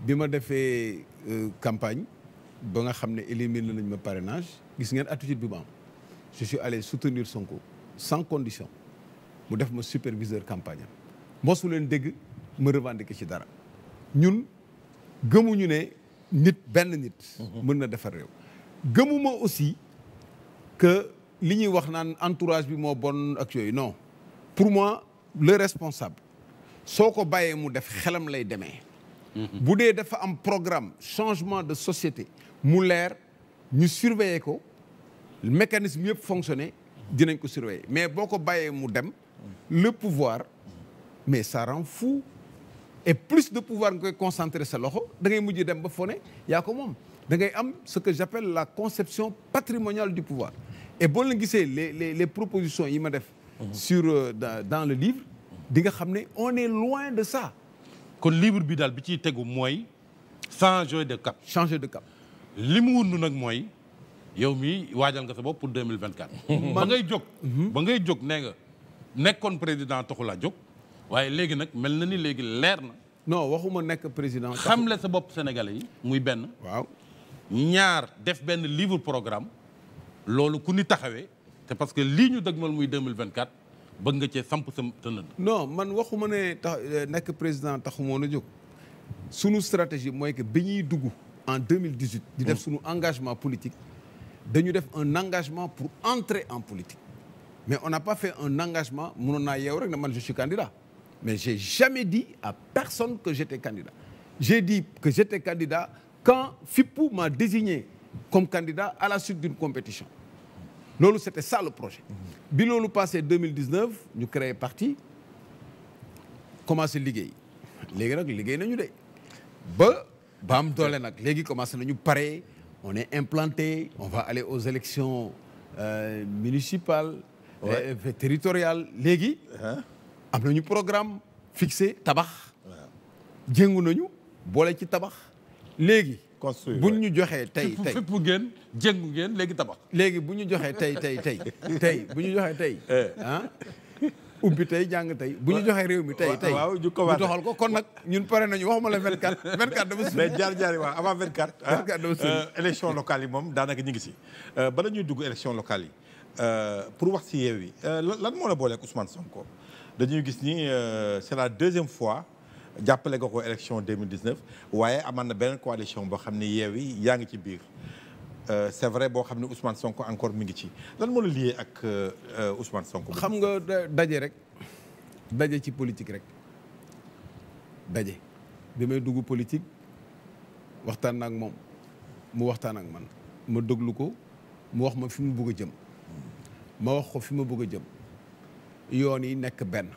Speaker 3: bi ma defee euh, campagne ba nga xam ne élimine la nañ ma parenage gis ngeen attitude bi ma am je suis soutenir Sonko sans condition mu def ma superviseur campagne am mosu leen dégg ma revendiquer ci dara ñun gëmuñu ne nit benn nit. Mhm. mën na defar réew. gëmuma aussi que li ñuy wax naan entourage bi moo bon ak yooyu non pour moi le responsable. soo ko bàyyee mu def xelam lay demee mm-hmm. bu dee dafa am programme changement de société mu leer ñu surveiller ko mécanisme yëpp fonctionner dinañ ko surveiller mais boo ko bàyyee mu dem le pouvoir mais ça rend fou et plus de pouvoir nga koy concentre sa loxo da ngay mujj dem ba fone yaa ko moom da ngay am ce que j'appelle la conception patrimoniale du pouvoir et boo leen gisee les les les propositions yi ma def mm-hmm. sur euh, dans, dans le livre di nga xam ne on est loin de sa kon
Speaker 4: livre bi daal bi ciy tegu mooy changer de cap. changer de cap. li mu nu nag mooy yow mi waajal nga sa bopp pour deux mille vingt quatre. ba ngay jóg. Mhm. ba ngay jóg nee nga nekkoon président taxul a jóg waaye léegi nag mel na ni léegi leer na. non waxuma nekk président. xamle sa bopp sénégalais yi muy benn. waaw ñaar def benn livre programme loolu ku ni taxawee. c'est parce que lii ñu dëgmal muy deux mille vingt quatre bëgg nga cee samp sa tënën.
Speaker 3: non man waxuma ne tax nekk président taxumoon a jóg sunu stratégie mooy que bi ñuy dugg en 2018. di def mm. sunu engagement politique. dañu def un engagement pour entrer en politique mais on n'a pas fait un engagement mënoon naa yeew rek na man je suis candidat mais j'ai jamais di à personne que j'étais candidat j'ai di que j'étais candidat quand FIPO m'a désigné comme candidat à la suite d'une compétition loolu c'était ça le projet. Mhm. bi loolu passé 2019 ñu créé parti commencé liggéey léegi nag liggéey nañu de ba ba am doole nag léegi commencé nañu pare on est implanté on va aller aux élections euh, municipales. Ouais. Et, euh, et territoriales léegi. Uh-huh. am nañu programme fixé tabax. jéngu nañu boole ci tabax léegi. construire buñ ñu joxee tey tey fépp ngeen jéngu ngeen léegi tabax. léegi bu ñu joxee tey tey tey tey bu ñu joxee tey [LAUGHS] eh. ah. ubbi tey jàng tey
Speaker 1: bu ñu joxee réew mi tey tey waaw ñu ko doxal ko kon nag ñun pare nañu waxuma la 24 24 dama su jaar jaar yi waaw avant 24 dama su élection locale yi moom daanaka ñu ngi si euh, bala ñuy dugg élection locale yi euh, pour wax si yeew yi euh, lan moo la booleeg Ousmane Sonko dañuy gis ni c'est la deuxième fois jàppale nga ko élection 2019 waaye amaan na beneen coalition boo xam ni ne Yewwi yaa ngi ci biir euh, c'est vrai boo xam ne Ousmane Sonko encore mu ngi ci lan moo la lié ak euh, Ousmane sonk xam nga daje rek daje ci politique rek daje
Speaker 3: bi may dugg politique waxtaan na moom mu waxtaan ak man ma déglu ko mu wax ma fi mu bugg jëm ma wax ko fi ma bugg a jëm yoon yi nekk benn.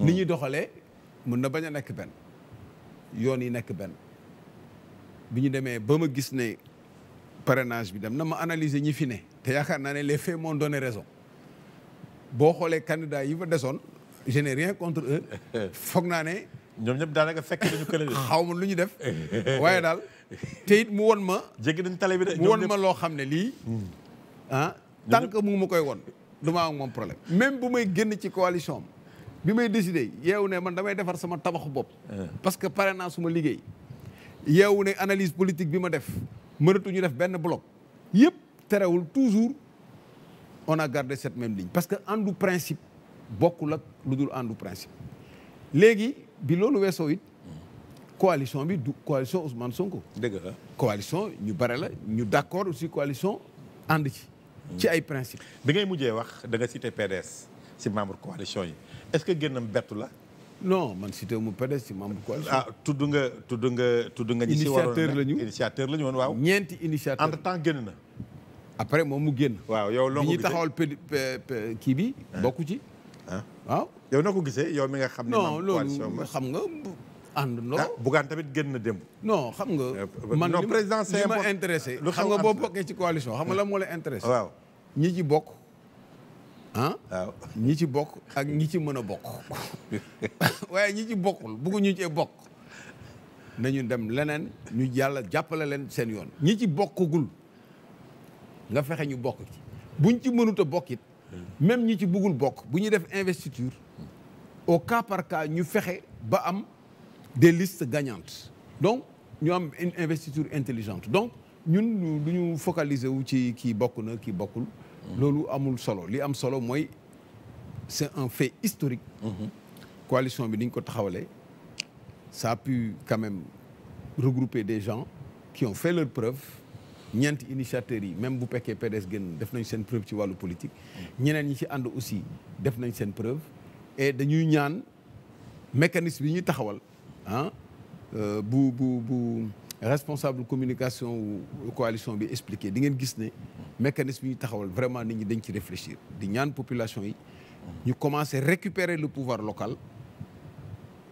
Speaker 3: ni ñuy doxalee. mën na bañ a nekk benn yoon yi nekk benn bu ñu demee ba ma gis ne parrainage bi dem na ma analyser ñi fi ne te yaakaar naa ne les faits m'ont donné raison boo xoolee candidats yi fa desoon je rien contre eux [LAUGHS] foog naa ne. ñoom ñëpp daanaka fekk xaw ma lu ñu def [LAUGHS] waaye daal te it mu won ma. jéggi nañ tale bi de mu won ma loo xam ne lii. Hmm. ah tant que mu ma koy won du ma am moom problème. même bu may génn ci coalition am bi may décidé yeewu ne man damay defar sama tabaxu bopp. Eh. parce que pare naa suma liggéey. yeewu ne analyse politique bi ma def ñu def benn bloc yëpp terewul toujours on a gardé cette même ligne parce que àndu principe bokkul ak lu dul àndu principe. léegi bi loolu weesoo it coalition bi du coalition man Sonko. dëgg la coalition ñu bare la ñu d'accord
Speaker 1: aussi coalition ànd ci. ci hmm. ay principe. da ngay mujjee wax da nga cité PDS si membre coalition yi. est-ce que génna mu bettu la. non man cité mu PDS ci membre coalition. ah tudd nga tudd nga tudd nga. ñi si waroon initiateur la ñu initiateur la ñu woon waaw. ñeenti initiateur entre temps génn na. après moom mu génn. waaw yow loo ko gisee kii bi bokku ci. waaw yow noo ko gisee yow mi nga xam ne. non loolu xam nga àndandoo. ah Bougane tamit génn na démb. non xam nga. Euh, man li ma intéressé. xam nga
Speaker 3: boo bokkee ci coalition xam nga lan moo la intéressé. waaw ñi ci bokk. ah waaw ñi ci bokk ak ñi ci mën a bokk [LAUGHS] waaye ñi ci bokkul bëgguñu cee bokk na ñun dem leneen ñu yàlla jàppale leen seen yoon ñi ci bokkagul nga fexe ñu bokk ci buñ ci mënut a bokk it même ñi ci bëggul bokk bu ñu def investiture au cas par cas ñu fexe ba am des listes gagnantes donc ñu am une investiture intelligente donc ñun du ñu focaliser wu ci kii bokk na kii bokkul loolu amul solo li am solo mooy c'est un fait historique. Mhm. coalition bi ni ko taxawalee ça a pu quand regrouper des gens qui ont fait leur preuve ñeenti initiateurs yi même bu fekkee PDS gën def nañ seen preuve ci wàllu politique. Mhm. ñeneen ñi ci ànd aussi def nañ seen preuve et dañuy ñaan mécanisme yi ñuy taxawal ah euh, bu bu. responsable communication wu coalition bi expliqué di ngeen gis ne mécanisme yi taxawal vraiment nit ñi dañ ci réfléchir di ñaan population yi ñu commencé récupérer le pouvoir local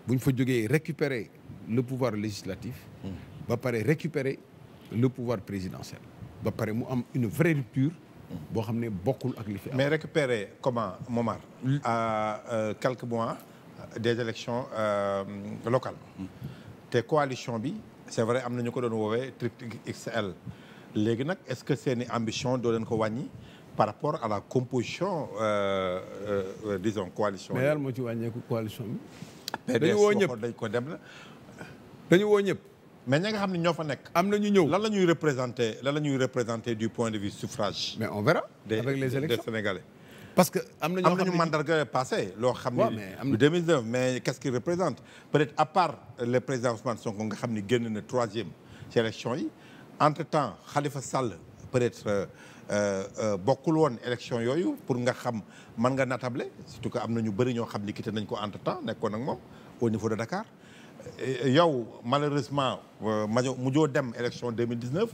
Speaker 3: bu fa jógee récupérer le pouvoir législatif ba pare récupérer le pouvoir présidentiel ba pare mu am une vraie rupture boo xam ne bokkul ak li fi am mais
Speaker 1: récupérer comment Momar à euh, quelques mois des élections euh, locales te coalition bi c'est vrai am na ñu ko doon woowee triptyque XL léegi nag est-ce que seeni ambition doo leen ko wàññi par rapport à la composition euh, euh, euh disons coalition. mais yàlla moo ci wàññeeku coalition bi. dañu woo ñëpp dañ ko dem la. dañu woo mais ña nga xam ne ñoo fa nekk. am na ñu ñëw lan la ñuy représenter lan la ñuy représenter du point de vue suffrage. mais on verra. avec les élections des parce que am nañu am nañu mandarga passé loo xam ne 2009 mais qu'est-ce qu'il représente peut-être à part le président Ousmane Sonko nga xam ni génn na troisième ci élection yi entre-temps Khalifa Sall peut-être euh, euh, bokkul woon élection yooyu pour nga xam man nga natable surtout que am na ñu bëri ñoo xam ni quitté nañ ko entre-temps nekkoon ak moom au niveau de Dakar Eh, eh, yow malheureusement euh, majo mujjoo dem élection 2019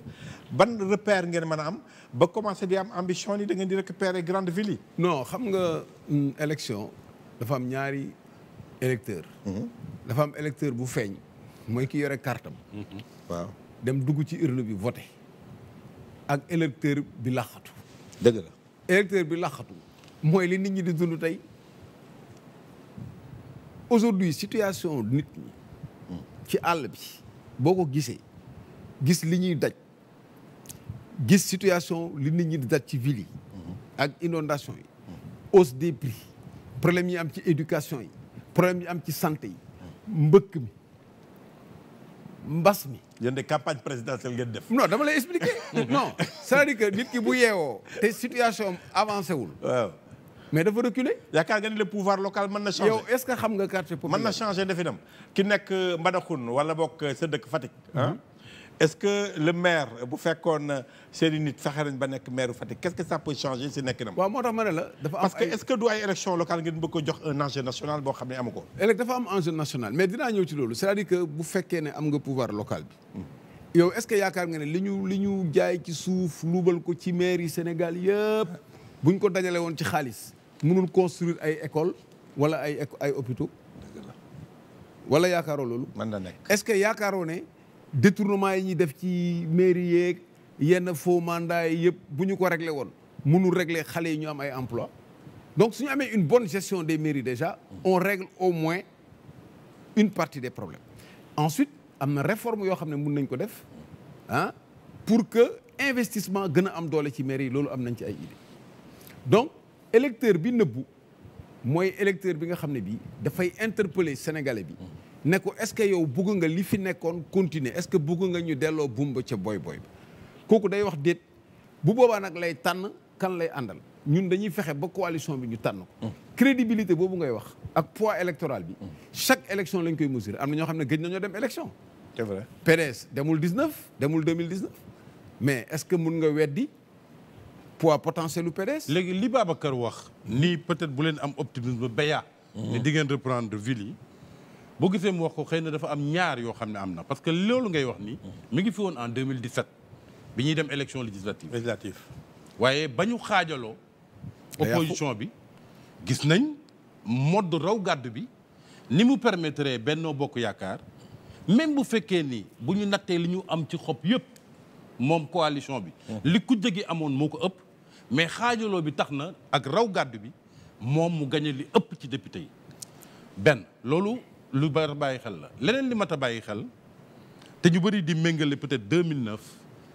Speaker 1: ban repère ngeen mën a am ba commencé di am ambition ni da ngeen di récupérer grande ville yi non xam nga
Speaker 3: mm, élection dafa am ñaari électeur mhm. dafa am électeur bu feeñ mooy ki yore kartam mhm. waaw dem dugg ci urne bi voté ak électeur bi laxatu dëgg la électeur bi laxatu mooy li nit ñi di dund tey aujourd'hui situation nit ci àll bi boo ko gisee gis li ñuy daj gis situation li nit ñi di daj ci ville ak inondation yi hausse des prix problème yi am ci éducation yi problème yi am ci santé yi mbëkk mi mbas mi. yéen de campagne présidentielle ngeen def. non dama lay expliquer. [LAUGHS] non
Speaker 1: c'est-à-dire nit ki bu yeewoo. te situation avancé wul. waaw. mais dafa reculer yaakaar nga ni le pouvoir local mën na changer yow est-ce que xam nga quartier populaire mën na changer definam ki nekk euh, Mbadakhoune wala bokk euh, sa dëkk Fatick mm-hmm. est-ce que le maire bu fekkoon euh, seeni nit fexe nañ ba nekk maire Fatick que ça peut changer si nekkinam. waaw moo ma la dafa am parce que est-ce que du ay élection locale ngeen bëgg ko jox un enjeu national boo xam ne amu ko. dafa am enjeu national mais dinaa ñëw ci loolu c'est-à-dire
Speaker 3: que bu fekkee ne am nga pouvoir local bi. Mm. yow est-ce que yaakaar nga ne li ñu li ñu jaay ci suuf luubal ko ci maire yi Sénégal yëpp buñ ko dajale woon ci xaalis. mënul construire ay école wala ay ay hôpitaux wala yaakaaroo loolu. mën na nekk est-ce que yaakaaroo ne détournement yi ñuy def ci mairie yeeg yenn faux mandat yi yëpp bu ñu ko réglé woon munul réglé xale yi ñu am ay emploi donc su ñu amee une bonne gestion des mairies déjà on règle au moins une partie des problèmes ensuite am na réforme yoo xam ne mun nañ ko def ah pour que investissement gën a am doole ci mairie yi loolu am nañ ci ay idées électeur bi nëbbu mooy électeur bi nga xam ne bii dafay interpeller sénégalais bi nekko ko ce que yow bugg nga li fi nekkoon continuer est-ce que bugg nga ñu delloo bumba ca booy booy ba kooku day wax déet bu boobaa nag lay tànn kan lay àndal ñun dañuy fexe ba coalition bi ñu tànn ko mm. crédibilité boobu ngay wax ak pois électoral bi mm. chaque élection lañ koy mesurer am na ñoo xam ne gëj nañoo dem élection c'est vrai PDS demul 19 demul 2019 mais est-ce que mun
Speaker 4: nga weddi poids potentiel lu PDS. léegi li Babacar wax. nii peut-être bu leen am optimisme béya. Mhm. ne di ngeen reprendre ville yi. boo gisee mu wax ko xëy na dafa am ñaar yoo xam ne am na parce que loolu ngay wax nii. Mhm. mi ngi fi woon en 2017. bi ñuy dem élection législative. législative waaye ba ñu xaajaloo. opposition bi gis nañ. modd raw gàdd bi ni mu permettre Benno Bokk Yaakaar même bu fekkee ni bu ñu nattee li ñu am ci xob yëpp moom coalition bi. Mhm. li ku jëgi amoon moo ko ëpp. mais xaajaloo bi tax na ak raw gàddu bi moom mu gañe li ëpp ci député yi benn loolu lu bar bàyyi xel la leneen li mat a bàyyi xel te ñu bëri di méngale peut-être 2009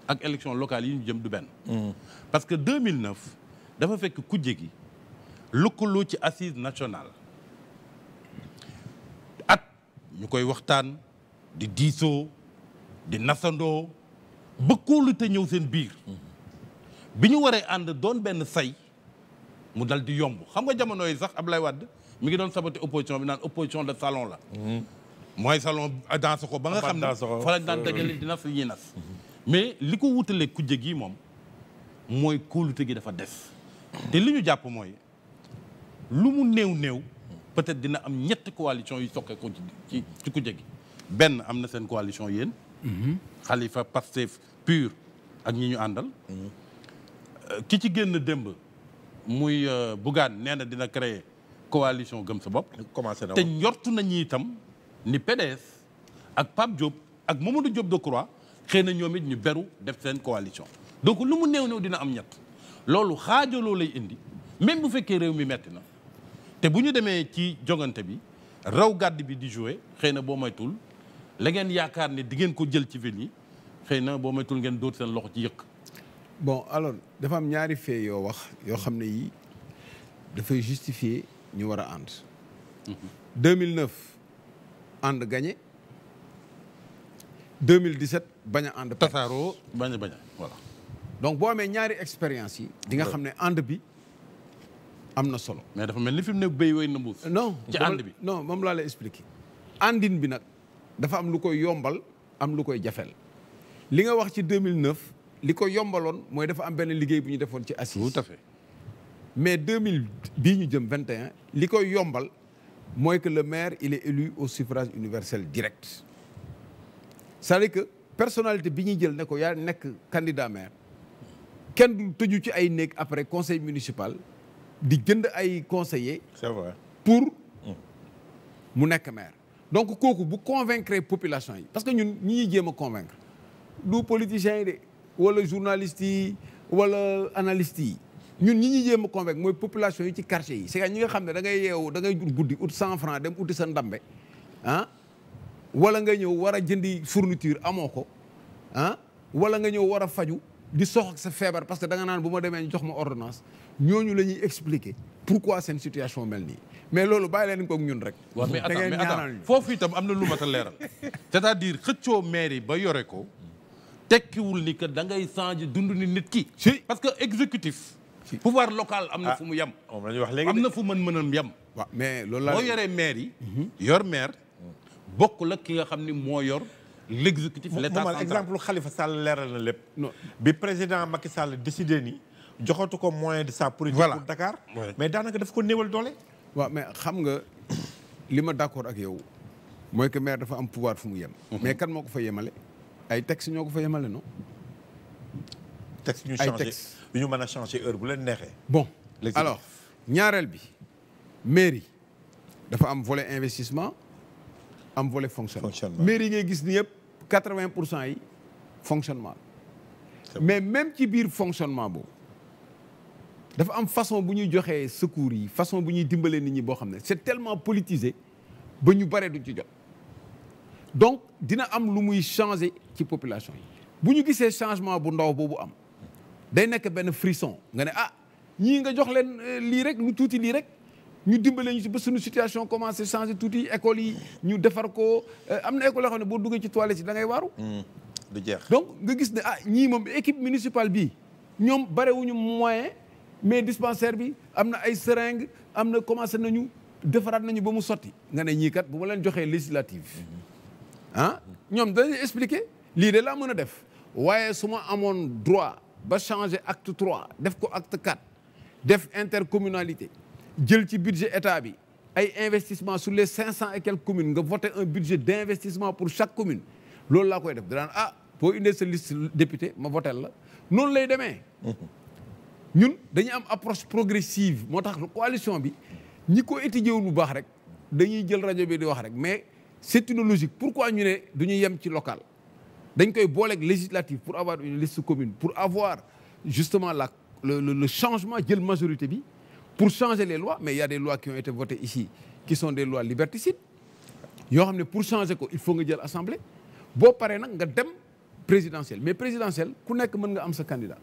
Speaker 4: ak élection locale yi ñu jëm du benn mm. parce que 2009 dafa fekk kujje gi lukkaloo ci assise nationale at ñu koy waxtaan di diisoo di nasandoo bëkkoolu te ñëw seen biir mm. bi ñu waree ànd doon benn say mu dal di yomb xam nga jamono yi sax Ablaye Wade mi ngi doon saboté opposition bi naan opposition de salon la. Mhm. mooy salon danse ko ba nga xam ne fa lañ daan dajale di nas li mais li ko wutalee kujje gi moom mooy kóolute gi dafa des. te li jàpp mooy lu néew néew. peut-être dina am ñetti coalition yu soqe ci ci kujje benn am na seen coalition yéen. Mhm. Khalifa Pastef pur ak ñi ñu àndal. Mhm. ki ci génn démb muy euh, Bougane nee na dina créer coalition gëm sa bopp. commencé na te njortu nañu itam ni PDS ak Pape Diop ak Mamadou Diop Decroix xëy na ñoom it ñu beru def seen coalition. donc lu mu néew néew dina am ñett loolu xaajaloo lay indi même bu fekkee réew mi metti na te bu ñu demee ci jogante bi raw gàdd bi di jouer xëy na boo moytul la ngeen yaakaar ne di ngeen ko jël ci ville yi xëy na boo moytul ngeen dóor seen loxo ci yëkk
Speaker 3: bon alors dafa am ñaari fee yoo wax yoo xam ne yii dafay justifier ñu war a ànd. 2009 ànd gagné 2017 bañ ànd. tasaaroo bañ bañ a voilà. donc boo amee ñaari expérience yi. di nga xam ne ànd bi am na solo. mais dafa mel ni fi mu ne bay way na mbuus. non ci ànd bi non moom laa lay expliquer. àndin bi nag dafa am lu koy yombal am lu koy jafeel li nga wax ci 2009. li ko yombaloon mooy dafa am benn liggéey bu ñu defoon ci assise. tout à fait mais bii ñu jëm 21 li koy yombal mooy que le maire il est élu au suffrage universel direct cest à que personnalité bi ñuy jël ne ko yaa nekk candidat maire kenn du tëju ci ay néeg après conseil municipal di jënd ay conseiller c'est pour mm. mu nekk maire. donc kooku bu convaincre population yi parce que ñun ñi ñuy jéem a convaincre yi de. wala journalistes yi wala analystes yi ñun ñi ñuy jéem a convaincre mooy population yi ci quartier yi se à dire ñi nga xam ne da ngay yeewu da ngay guddi ut cent franc dem uti sa ndambe ah wala nga ñëw war a jëndi fourniture amoo ko ah wala nga ñëw war a faju di sox sa feebar parce que da nga naan bu ma demee ñu jox ma ordonnance ñooñu la ñuy expliquer pourquoi seen situation
Speaker 4: mel nii mais loolu bàyyi leen koog ñun rek. da ngeen ñaanal foofu itam am na lu ma a leeral [LAUGHS] c'est-à-dire xëccoo yi ba yore ko. tekkiwul ni que da ngay changer dund ni nit ki. parce que exécutif. pouvoir local am na ah. fu mu yem. moom la wax léegi am na fu mën mënam yem. waa mais loolu laa. boo yoree maire yi. Mhm. yor maire. bokk la ki nga xam ni moo yor. l' exécutif l' état central exemple Khalifa Sall leeral na lépp. bi président
Speaker 1: Macky Sall décidé ni. joxatu ko moyen de sa politique. voilà pour Dakar. mais daanaka daf ko néewal doole. waaw mais xam nga li ma d' accord ak yow. mooy que maire dafa am pouvoir fu mu
Speaker 3: yem. Mhm. mais kan moo ko fa yemale. ay texte ñoo ko fa yemale non. texte ñu changé
Speaker 1: yu ñu mën a changé heure bu leen neexee.
Speaker 3: bon alors ñaareel bi mairie dafa am vole investissement am volet fonctionnement. mairie yi ngay gis ni yëpp quatre-vingt pour cent yi fonctionnement mais même ci biir fonctionnement boobu dafa am façon bu ñuy joxe secours yi façon bu ñuy dimbalee nit ñi boo xam ne c'est tellement politisé ba ñu bare duñ ci jot. donc dina am lu muy changer ci population yi bu ñu gisee changement bu ndaw boobu am day nekk benn frisson nga ne ah ñii nga jox leen euh, lii rek lu tuuti lii rek ñu dimbalee ñu ci ba suñu situation commencé changer tuuti école yi ñu defar ko euh, am na école yoo xam ne boo duggee ci toilette yi dangay ngay waaru.
Speaker 1: Hmm, jeex
Speaker 3: donc nga gis ne ah ñii moom bi équipe municipale bii ñoom barewuñu moyen mais dispensaire bi am na ay seringue am na commencé nañu defaraat nañu ba mu sotti nga ne ñii kat bu ma leen joxee législative. Hmm. ah ñoom dañuy expliquer lii de laa mën a def waaye su ma amoon droit ba changer acte troit def ko acte quatre def intercommunalité jël ci budget état bi ay investissement su les cinq cent et quelques commune nga voté un budget d' investissement pour chaque commune loolu laa koy def danaan ah boo indee sa liste député ma votel la noonu lay demee ñun dañu am approche progressive moo tax coalition bi ñi ko étudier wu bu baax rek dañuy jël rajo bi di wax rek mais c'est une logique pourquoi ñu ne du ñu yem ci local dañ koy booleek législative pour avoir une liste commune pour avoir justement la le, changement jël majorité bi pour changer les lois mais il y a des lois qui ont été votées ici qui sont des lois liberticides yoo xam ne pour changer ko il faut nga jël assemblée boo paree nag nga dem présidentielle mais présidentielle ku nekk mën nga am sa candidat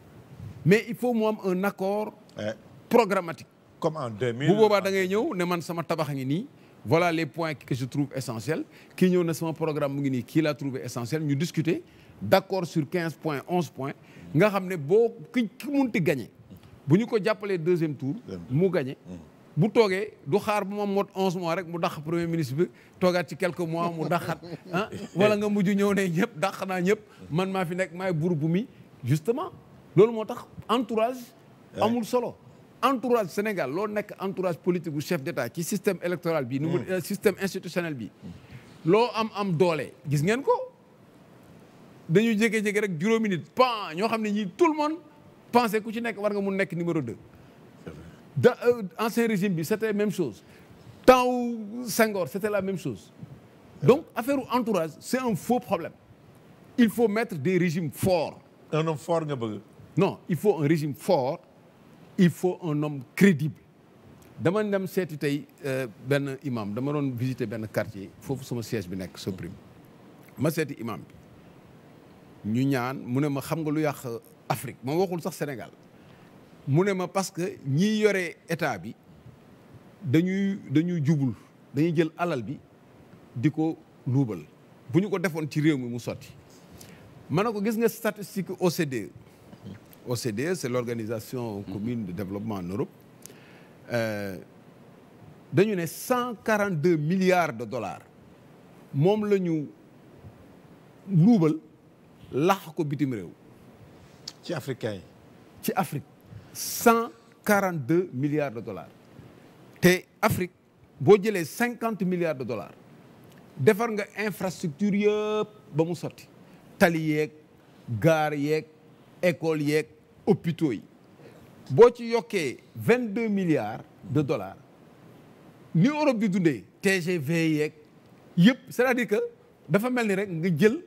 Speaker 3: mais il faut moom am un accord eh. programmatique comme en 2000 bu boobaa da ngay ñëw ne man sama tabax a ngi nii voilà les points que je trouve essentiels kii ñëw na sama programme mu ngi nii kii laa trouvé essentiel ñu discuter d'accord sur quinze points onze points nga xam ne boo ki ki munti gagné bu ñu ko jàppalee deuxième tour mu gagné bu toogee du xaar bu ma mot onze mois rek mu dàq premier ministre bi toogaat ci quelques mois mu dàqaat ah wala nga mujj ñëw ne ñëpp dàq naa ñëpp man maa fi nekk maay buur bu mi justement loolu moo tax entourage amul solo entourage Sénégal loo nekk entourage politique bu chef d'État ci système électoral bi. nu mm. euh, système institutionnel bi. loo am am doole gis ngeen ko dañu jékki-jékki rek juróomi nit pan ñoo xam ne ñii tout le monde pensé ku ci nekk war nga mun nekk numéro deux. da euh, ancien régime bi c'était même chose temps wu Senghor c'était la même chose donc affaire entourage c'est un faux problème il faut mettre des régimes forts. un homme fort nga non il faut un régime fort. il faut un homme crédible dama dem seeti tey euh, benn imam dama doon visiter benn quartier foofu sama siège bi nekk sa ma seeti imam bi ñu ñaan mu ne ma xam nga lu yàq Afrique ma waxul sax Sénégal mu ne ma parce que ñiy yore état bi dañuy dañuy jubul dañuy jël alal bi di ko luubal bu ñu ko defoon ci réew mi mu sotti ma ne ko gis nga statistique OCDE OCDE, c'est l'organisation commune de développement en Europe euh, dañu ne cent quarante deux milliards de dollars moom la ñu luubal lax ko bitim réew. ci africain yi. ci Afrique cent quarante deux milliards de dollars te Afrique boo jëlee cinquante milliards de dollars defar nga infrastructure yëpp ba mu sotti tali yeeg gaar yeeg. école yeeg hôpitaux yi boo ci yokkee vingt deux milliards de dollars ni Europe di dundee TGV yeeg yëpp c'est-à-dire que dafa mel ni rek nga jël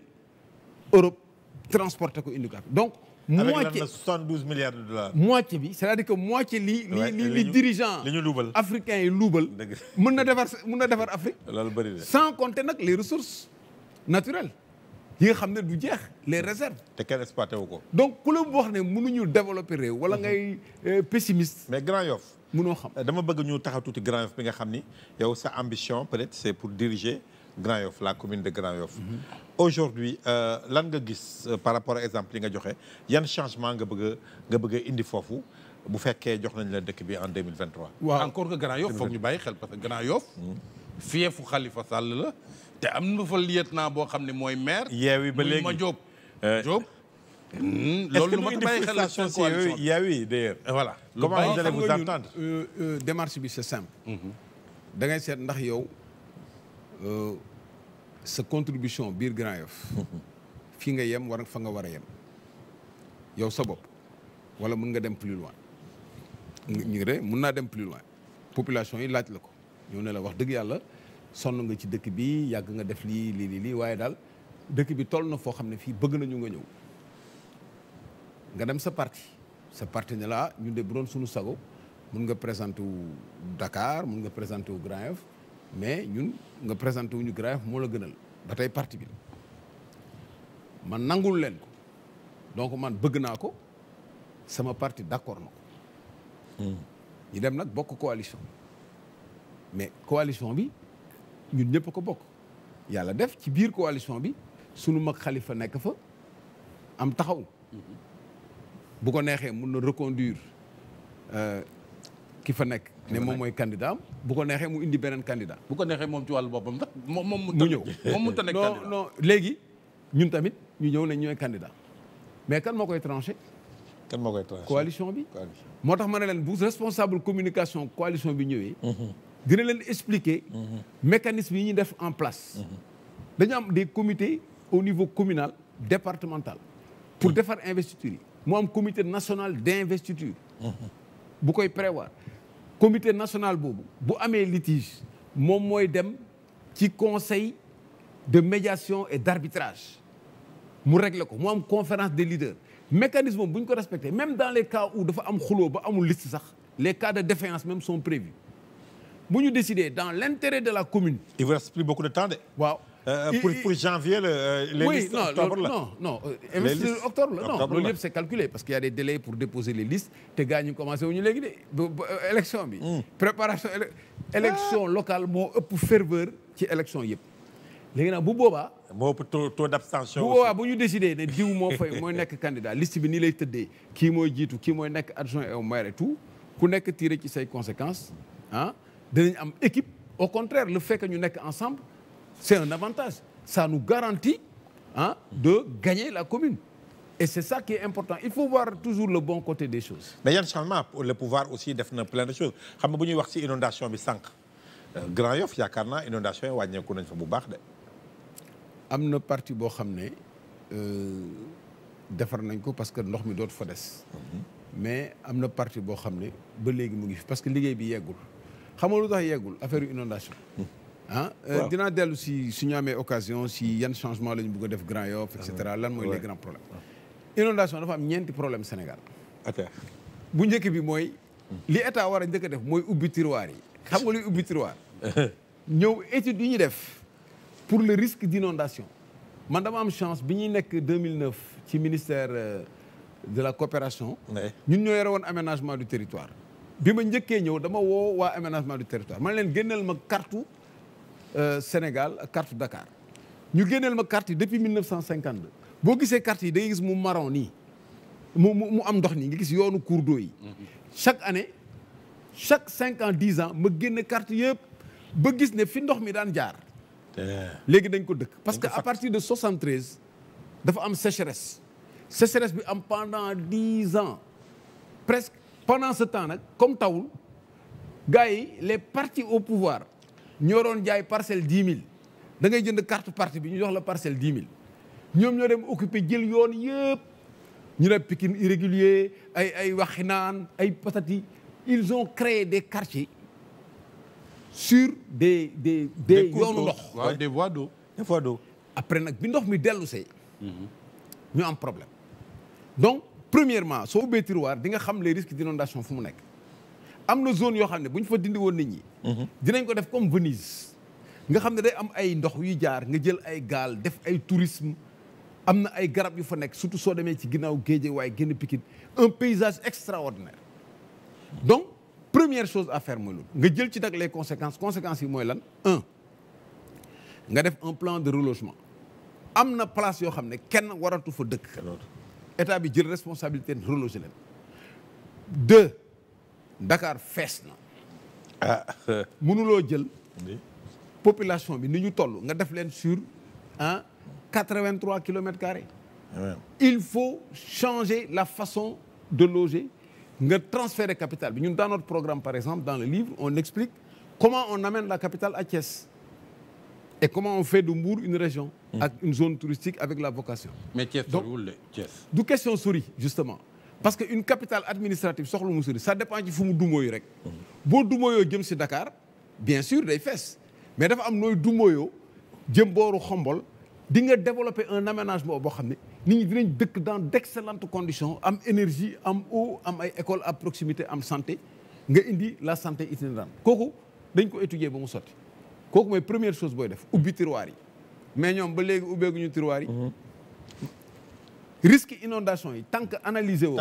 Speaker 3: Europe transporté ko indi ko donc moitié avec 72
Speaker 1: milliards de dollars.
Speaker 3: moitié bi c'est-à-dire que moitié li li li li dirigeant. li ñu luubal africain yi luubal. mën na defar mën na defar Afrique. [LAUGHS] loolu bëri na sans compter nag les ressources naturelles. yi nga xam ne du jeex les réserves.
Speaker 1: te kenn exploité wu ko.
Speaker 3: donc ku la wax ne mënuñu
Speaker 1: développer réew. wala ngay euh, pessimiste. mais Grand Yoff. noo xam dama bëgg ñu taxaw tuuti Grand Yoff bi nga xam ni yow sa ambition peut-être c'est pour diriger Grand Yoff la commune de Grand Yoff. Mhm. aujourd'hui euh, lan nga gis euh, par rapport à exemple yi nga joxe yan changement nga bëgg nga bëgg a indi foofu. bu fekkee jox nañ la dëkk bi en 2023.
Speaker 4: waaw encore que Grand Yoff foog ñu bàyyi xel parce que Grand Yoff. Hmm. fiefu Khalifa Sall la. te am na fa lieutenant boo xam ne mooy maire. yeewi ba léegi ma Diop. Euh, Diop loolu lu ma bàyyi xel la situation yooyu yeewi d'ailleurs euh, voilà. comment vous allez vous
Speaker 3: entendre euh, démarche bi c'est simple. Mm-hmm. ngay seet ndax yow sa contribution biir Grand Yoff. Mm-hmm. fii nga yem war fa nga war a yem yow sa bopp walla mën nga dem plus loin. ñu ngi de mën naa dem plus loin population yi laaj la ko ñoo ne la wax dëgg yàlla. sonn nga ci dëkk bi yàgg nga def lii lii lii lii waaye daal dëkk bi toll na foo xam ne fii bëgg nañu nga ñëw nga dem sa parti sa parti ne la ñun de bu doon suñu sago mun nga présenté wu Dakar mun nga présenté wu Grand Yoff mais ñun nga présenté wu ñu Grand Yoff moo la gënal ba tey parti bi la man nangul leen ko donc man bëgg naa ko sama parti d'accord na ko hmm. ñu dem nag bokk coalition mais coalition bi ñun ñëpp ko bokk yàlla def ci biir coalition bi sunu mag xalifa nekk fa am taxaw bu ko neexee mun na reconduire euh, ki fa nekk ne moom mooy candidat bu ko neexee mu indi beneen candidat bu ko neexee moom ci wàllu boppam ndax moom moom mu ñëw moom mu ta [LAUGHS] nekk léegi ñun tamit ñu ñëw nañ ñooy candidat mais kan moo koy tranché kan moo koy tranché coalition bi moo tax ma ne leen bu responsable communication coalition bi ñëwee mm-hmm. dina leen expliquer mécanisme yi ñu def en place dañu am des comités au niveau communal départemental pour mm. defar investiture yi mu am comité national d'investiture bu koy prévoir comité national boobu bu amee litige moom mooy dem ci conseil de médiation et d'arbitrage mu régler ko mu am conférence des leaders mécanisme bu ñu ko respecté même dans les cas où dafa am xuloo ba amul liste sax les cas de défaillance même sont prévus bu ñu décider dans l'intérêt de la commune. il vous reste plus beaucoup de temps de. waaw euh, pour il, la euh, les non,
Speaker 4: octobre la euh,
Speaker 3: calculé parce qu'il y a des délais pour déposer les listes te gars ñu commencé wu ñu léegi de euh, élection bi. Hmm. préparation élection locale moo ëpp ferveur ci élection yëpp. léegi nag bu boobaa. moo ëpp taux taux d'abstention. bu boobaa bu ñu décidé ne diw moo fay mooy nekk candidat liste bi nii lay tëddee kii mooy jiitu kii mooy nekk adjoint au maire et tout ku nekk tiré ci say conséquences ah. dinañ am équipe au contraire le fait que ñu nekk ensemble c'est un avantage ça nous garantit
Speaker 1: ah de gagner la commune et c'est ça qui est important il faut voir toujours le bon côté des choses mais yan changement le pouvoir aussi def na plein de choses xam nga bu ñuy wax inondation bi sànq euh, Grand Yoff yaakaar naa inondation yi wàññeeku nañ fa bu baax de am na partie boo xam ne euh, defar nañ ko parce que ndox mi dootu fa des
Speaker 2: mhm.
Speaker 3: mais am na partie boo xam ne ba léegi mu ngi fi parce que liggéey bi yeggul xam nga lu tax yeggul affaire inondation hmm. ah euh, dinaa dellu si suñu amee occasion si yan changement la ñu bëgg def Grand Yoff et ah, lan mooy les grands problèmes ah. inondation dafa am ñeenti problème Sénégal bu njëkk bi mooy li état war njëkk a def mooy ubbi tiroir yi xam nga luy ubbi tiroir [LAUGHS] ñëw étude yi ñu def pour le risque d'inondation man dama am chance bi ñuy nekk 2009 ci ministère euh, de la coopération ñun ñoo yore woon aménagement du territoire bi ma njëkkee ñëw dama woo waa aménagement du territoire man leen génneel ma carte euh, Sénégal ak carte Dakar ñu génneel ma carte yi depuis 1952 boo gisee carte yi da ngay gis mu marron nii mu mu am ndox nii nga gis yoonu cours yi. chaque année chaque cinq ans dix ma génne carte yëpp ba gis ne fi ndox mi daan jaar. léegi dañ ko dëkk. parce que à partir de 73 dafa am sécheresse sécheresse bi am pendant dix presque. pendant ce temps nag comme tawul gars yi les partis au pouvoir ñoo doon jaay parcelle dix mille dangay jënd carte parti bi ñu jox la parcelle dix mille ñoom ñoo dem occupé jël yoon yëpp ñu ne Pikine irrégulier ay ay waxinaan ay patati ils ont créé des quartiers sur des des des yoonu ndox des voies d'eau des après nag bi ndox mi dellu see
Speaker 2: ñu
Speaker 3: am problème premièrement soo ubbee tiroir di nga xam les risques d'inondation fu mu nekk am na zone yoo xam ne bu ñu fa dindi woon ne ñi mhm. dinañ ko def comme Venise nga xam ne day am ay ndox yu jaar nga jël ay gaal def ay tourisme am na ay garab yu fa nekk surtout soo demee ci ginnaaw géeje waaye génn Pikine un paysage extraordinaire donc première chose à faire mooy loolu nga jël ci nag les conséquences conséquences yi mooy lan un nga def un plan de relogement am na place yoo xam ne kenn waratu fa dëkk état bi jël responsabilité relogé leen deux Dakar fees na ah [LAUGHS] mënuloo jël population bi ni ñu toll nga def leen sur ah quatre-vingt-trois kilomètres carrés il faut changer la façon de loger nga transférer capitale bi ñun dans notre programme par exemple dans le livre on explique comment on amène la capitale à Thiès et comment on fait de Mbour une région ak une zone touristique avec la vocation. mais
Speaker 4: Thiès soriwul de
Speaker 3: du question sori justement parce que une capital administrative soxla mu sori sa dépend ci fu mu dumóoyu rek. boo dumóoyoo jëm si dakaar bien sûr day fees mais dafa am nooy dumóoyoo jëm booru xombol di nga développer un aménagement boo xam ne nit ñi dinañ dëkk dans d'excellentes condition am énergie am eau am ay école à proximité am santé nga indi la santé itinérante kooku dañ ko étudier ba mu sotti kooku mooy première chose booy def ubbi tiroir yi. mais ñoom ba léegi ubbeeguñu tiroir yi. Mhm. risque inondation yi tant que analysé woo.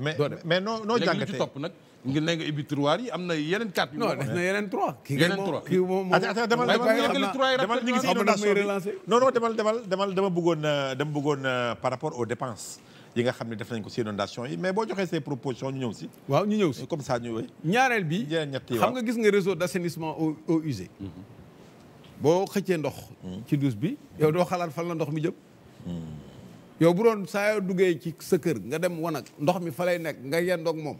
Speaker 4: mais mais noo noo jàngatee ci topp nag. ngir yi am na yeneen quatre. yu non def na yeneen trois. yeneen trois kii moom moom demal demal demal
Speaker 1: demal dama bëggoon euh, dama euh, par rapport aux dépenses. yi nga xam ne def nañ ko si inondation yi mais boo joxee se propositions ñu ñëw si. waaw ñu ñëw si comme ça ñu. ñaareel bi ñaareel ñett yi nga gis nga réseau d'assainissement
Speaker 3: eaux usées mhm. boo xëccee ndox. ci douche bi yow doo xalaat fan la ndox mi jëm. yow bu doon saa yoo duggee ci sa kër nga dem wanag ndox mi fa lay nekk nga yendoog moom.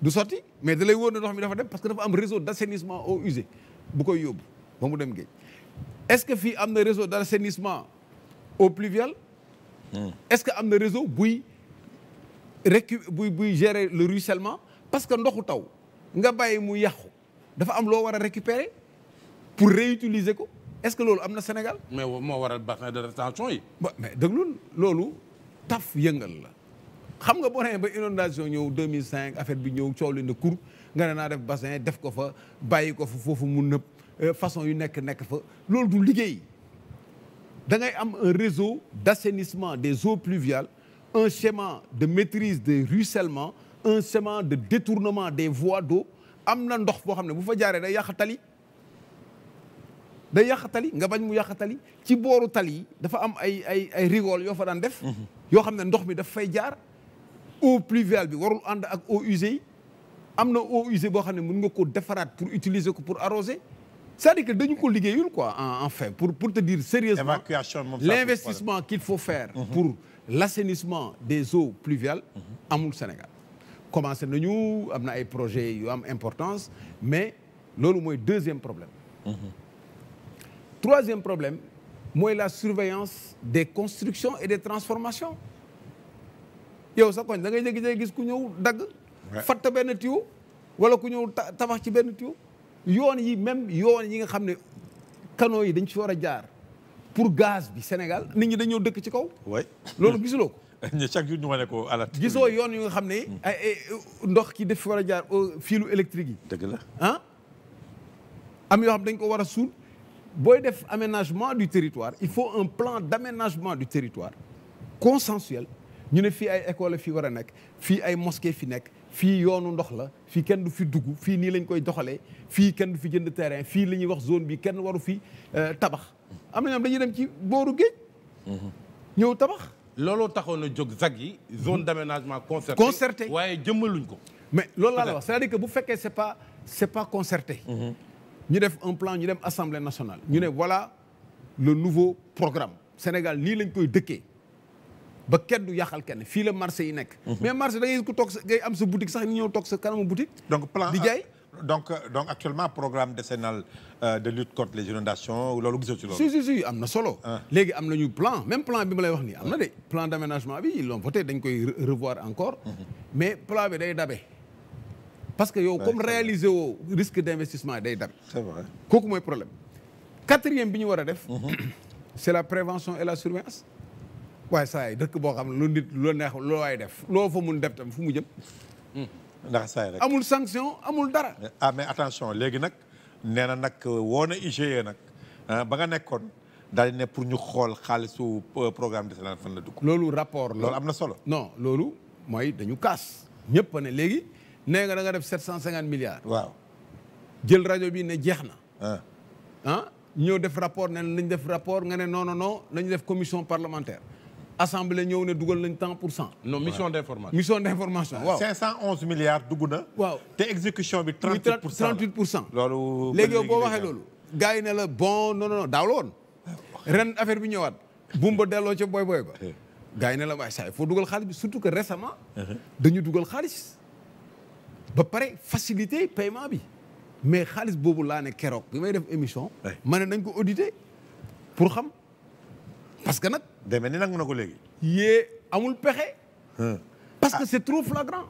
Speaker 3: du sotti mais dalay lay wóor ne ndox mi dafa dem parce que dafa am réseau d'assainissement eaux usées bu koy yóbbu ba mu dem géej est-ce que fii am na réseau d'assainissement eaux pluviales. est-ce que am na réseau buy récu buy buy gérer le ruissellement parce que ndoxu taw nga bàyyi mu yàqu dafa am loo war a récupérer. pour réutiliser ko est-ce que loolu am na Sénégal.
Speaker 4: mais moo a bassin de rétention yi.
Speaker 3: ba mais déglul loolu taf yëngal la xam nga boo nee ba inondation ñëw 2005 affaire bi ñëw coow li ne kur nga ne naa def bassin def ko fa bàyyi ko fa foofu mu nëb euh, façon yu nekk nekk fa loolu du liggéey da ngay am un réseau d'assainissement des eaux pluviales un schéma de maitrise de ruissellements un schéma de détournement des voies d'eau am na ndox boo xam ne bu fa jaaree day yàq day yàq tali nga bañ mu yàq tali ci booru tali yi dafa am ay ay ay rigole yoo fa daan def. Mhm. yoo xam ne ndox mi dafa fay jaar. eau pluviale bi warul ànd ak eau usée yi am na eau usée boo xam ne mën nga ko defaraat pour utiliser ko pour arroser cest à dañu ko liggéeyul quoi en enfin pour pour te dire sérieusement l'investissement qu'il faut faire mhm. pour l'assainissement des eaux pluviales mhm. amul Sénégal commencé nañu am na ay projets yoo am importance mais loolu mooy deuxième problème troisième problème mooy la surveillance des constructions et des transformations yow sa koñ da ngay jékki-jékki gis ku ñëw dagg fatt benn tuyau wala ku ñëw tabax ci benn tuyau yoon yi même yoon yi nga xam ne canaux yi dañ ci war a jaar pour gaz bi Sénégal nit ñi dañoo dëkk ci kaw way loolu gisuloo ko
Speaker 1: [LAUGHS] chaque jour ñu wane ko alat
Speaker 3: gisoo yoon yu nga xam ne hmm. ay ndox ki def fi war a jaar filu électrique yi dëgg la ah am yoo xam dañ ko war a suul booy def aménagement du territoire il faut un plan d'aménagement du territoire consensuel ñu ne fii ay école fi war a nekk fii ay mosquée fi nekk fii yoonu ndox la fii kenn du fi dugg fii nii lañ koy doxalee fii kenn du fi jënd terrain fii la ñuy wax zone bi kenn waru fi euh, tabax am na ñoom dañuy dem ci booru géej
Speaker 4: mm-hmm. ñëw tabax looloo taxoon a jóg ZAC yi zone d'aménagement concerté concerté waaye jëmmaluñ ko mais loolu laa la wax c'est-à-dire que bu fekkee c'est pas c'est pas concerté mm-hmm.
Speaker 3: ñu def un plan ñu dem assemblée nationale ñu ne voilà le nouveau programme Sénégal lii lañ koy dëkkee ba kenn du yàqal kenn fii la marché yi nekk. Mhm. mais marché da ngay ko toog sa ngay am sa boutique sax ni ñëw toog sa kanamu boutique. donc plan di jaay
Speaker 1: donc donc actuellement programme décennal euh, de lutte contre les inondations loolu gisoo ci si si am na solo. Ah. léegi am
Speaker 3: nañu plan même plan bi ma lay wax nii am na de. Ah. plan d' aménagement bi ils l' ont dañ koy revoir encore. Mhm. mais plan bi day dabe. parce que yow comme réaliser woo risque d' investissement day dab. c' est kooku mooy problème. quatrième bi ñu war a def. Mhm. c' [COUGHS] est la prévention et la surveillance. waaye saa yi dëkk boo xam ne lu nit loo neex def loo fa mun def tam
Speaker 1: fu mu jëm. ndax saa amul
Speaker 3: sanction amul dara.
Speaker 1: ah attention léegi nag nee na nag euh, woo na IGE nag ba nga nekkoon daal di ne pour ñu xool xaalisu euh, programme de fan la dugg. loolu rapport la loolu am na solo.
Speaker 3: non loolu mooy dañu kaas ñëpp ne léegi. nee nga da nga def sept cent cinquante milliards. waaw jël rajo bi ne jeex na. Ah. ah ñëw def rapport ne nañ def rapport nga ne non non non nañ def commission parlementaire. assemblée ñëw ne dugal nañ tant pour cent.
Speaker 4: non mission d' information. mission
Speaker 3: d' information waaw.
Speaker 1: 511
Speaker 3: milliards dugg na. waaw te exécution bi. 38 pour cent 38
Speaker 1: pour cent. loolu
Speaker 3: léegi yow boo waxee loolu. gars yi ne la bon non non daaw la ren affaire bi ñëwaat. ba delloo ci boy boy ba. Eh. gars yi ne la waaye saa il dugal xaalis bi surtout que récemment. Eh. dañu dugal xaalis. ba pare faciliter paiement bi mais xaalis boobu laa ne keroog bi may def émission. ma ne nañ ko auditer pour xam parce que nag. deme ni nangu na ko léegi. yee amul pexe. parce que ah. c'est trop flagrant.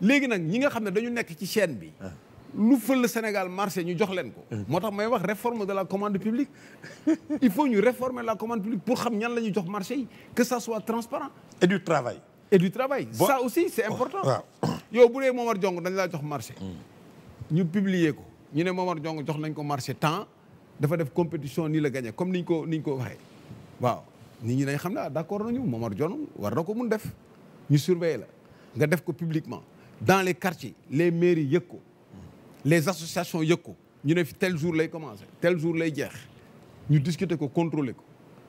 Speaker 3: léegi nag ñi nga xam ne dañu nekk ci chaîne bi. Ah. lu fël Sénégal marché ñu jox leen ko. moo tax may wax réforme de la commande publique [LAUGHS] il faut ñu réformer la commande publique pour xam ñan la ñuy jox marché yi que ça soit transparent. et du travail. et du travail. ça aussi c'est yow bu dee Momar Jong dañ laa jox marché. Mm. ñu publier ko ñu ne Momar Jong jox nañ ko marché temps dafa def compétition nii la gagné comme niñ ko niñ ko waxee waaw nit ñi dañ xam ne ah d'accord nañu Momar Jong war na ko mun def ñu surveiller la nga def ko publiquement dans les quartiers les mairies yëg ko les associations yëg ko ñu ne fi tel jour lay commencer tel jour lay jeex ñu discuter ko contrôler ko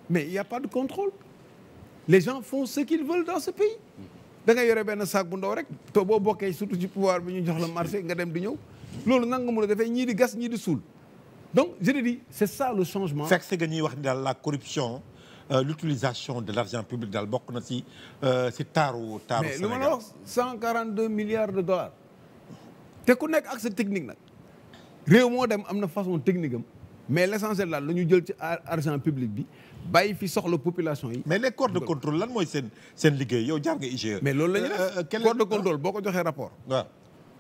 Speaker 3: mais il y a pas de contrôle les gens font ce qu'ils dans ce pays da yore benn saak bu ndaw rek to boo bokkee surtout ci pouvoir bi ñu jox la marché nga dem di ñëw loolu nanga nga mën defee
Speaker 1: ñii di gas ñii di suul donc je te dis c'est ça le changement. fekk nga ñuy wax ni daal la corruption euh, utilisation de l'argent public daal bokk na si si euh, taaru taaru. mais lu ma la wax
Speaker 3: cent quarante
Speaker 1: deux milliards de dollars te ku nekk ak sa technique nag
Speaker 3: réew moo dem am na façon technique am mais l'essentiel daal la ñu jël ci argent public bi. bàyyi fi soxla population yi. mais les corps de contrôle lan mooy seen seen liggéey yow jaar nga IGE. mais loolu la ñuy euh, def euh, corps de contrôle boo ko joxee rapport. waaw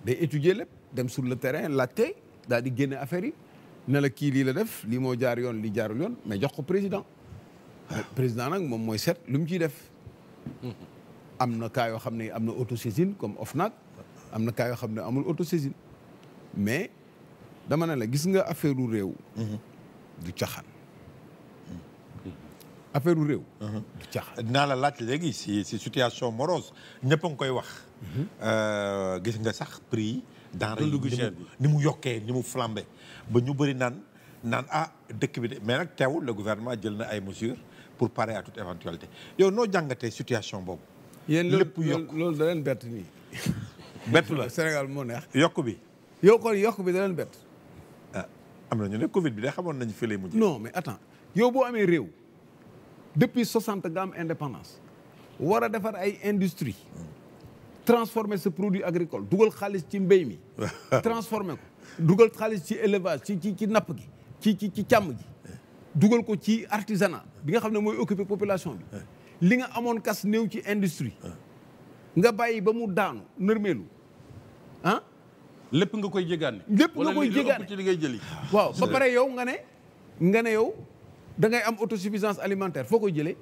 Speaker 3: day étudier lépp dem sur le terrain laajte daal di génne affaire yi ne la kii lii la def lii moo jaar yoon lii jaarul yoon mais jox ko président. président nag moom mooy set lu mu ciy def. am na cas yoo xam ne am na autosaisine comme OFNAC am na cas yoo xam ne amul autosaisine mais
Speaker 1: dama ne la gis nga affaire réew. Mhm. du caxaan. affaire u réew. Mhm. dinaa la laaj léegi si si situation morose ñëpp a ngi koy wax. Mhm. Euh, gis nga sax prix. denrée yi ni mu yokkee ni mu flambé ba ñu bëri naan naan ah dëkk bi de mais nag teewul la gouvernement jël na ay mesures pour parer à toute éventualité yow noo jàngatee situation boobu.
Speaker 3: lépp yokk loolu da leen bett nii. [LAUGHS] bett la Sénégal moo neex. yokk bi. yow kon yokk bi da leen bett. ah am na ñu ne Covid bi de xamoon nañu fii lay mujj. non mais attends yow boo amee réew. depuis 60 nga am indépendance war a defar ay industrie transformer ce produit agricole dugal xaalis ci mbéy mi [LAUGHS] transformer ko dugal xaalis ci élevage ci ci ci napp gi ci ci ci càmm gi dugal ko ci artisanat bi nga xam ne mooy occuper population bi li nga amoon kas néew ci industrie nga bàyyi ba mu daanu nërmeelu ah lépp nga koy jégaane lépp nga koy jégaane ci li ngay jëli waaw ba [LAUGHS] pare yow nga ne nga ne yow da ngay am autosuffisance alimentaire foo koy jëlee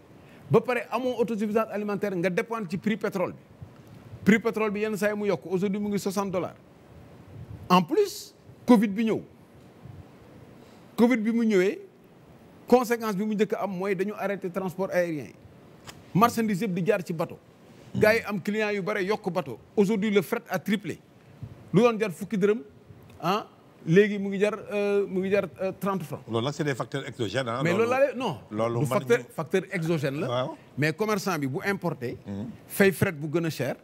Speaker 3: ba pare amoo autosuffisance alimentaire nga dépendre ci prix pétrole bi prix pétrole bi yenn saa mu yokk aujourd'hui mu ngi 60 dollars en plus Covid bi ñëw Covid bi mu ñëwee conséquence bi mu njëkk am mooy dañu arrêté transport aérien yi marchandise yëpp di jaar ci bateau. Hmm. gars yi am clients yu bare yokk bato aujourd'hui le fret a triplé lu doon jar fukki dërëm ah. léegi mu ngi jar euh, mu ngi jar euh, trente francs.
Speaker 1: loolu nag c'est des facteurs exogènes mais loolu la loolu facteur
Speaker 3: facteur exogène la. waaw mais commerçant bi bu importé. Hmm. fay fret bu gën a cher.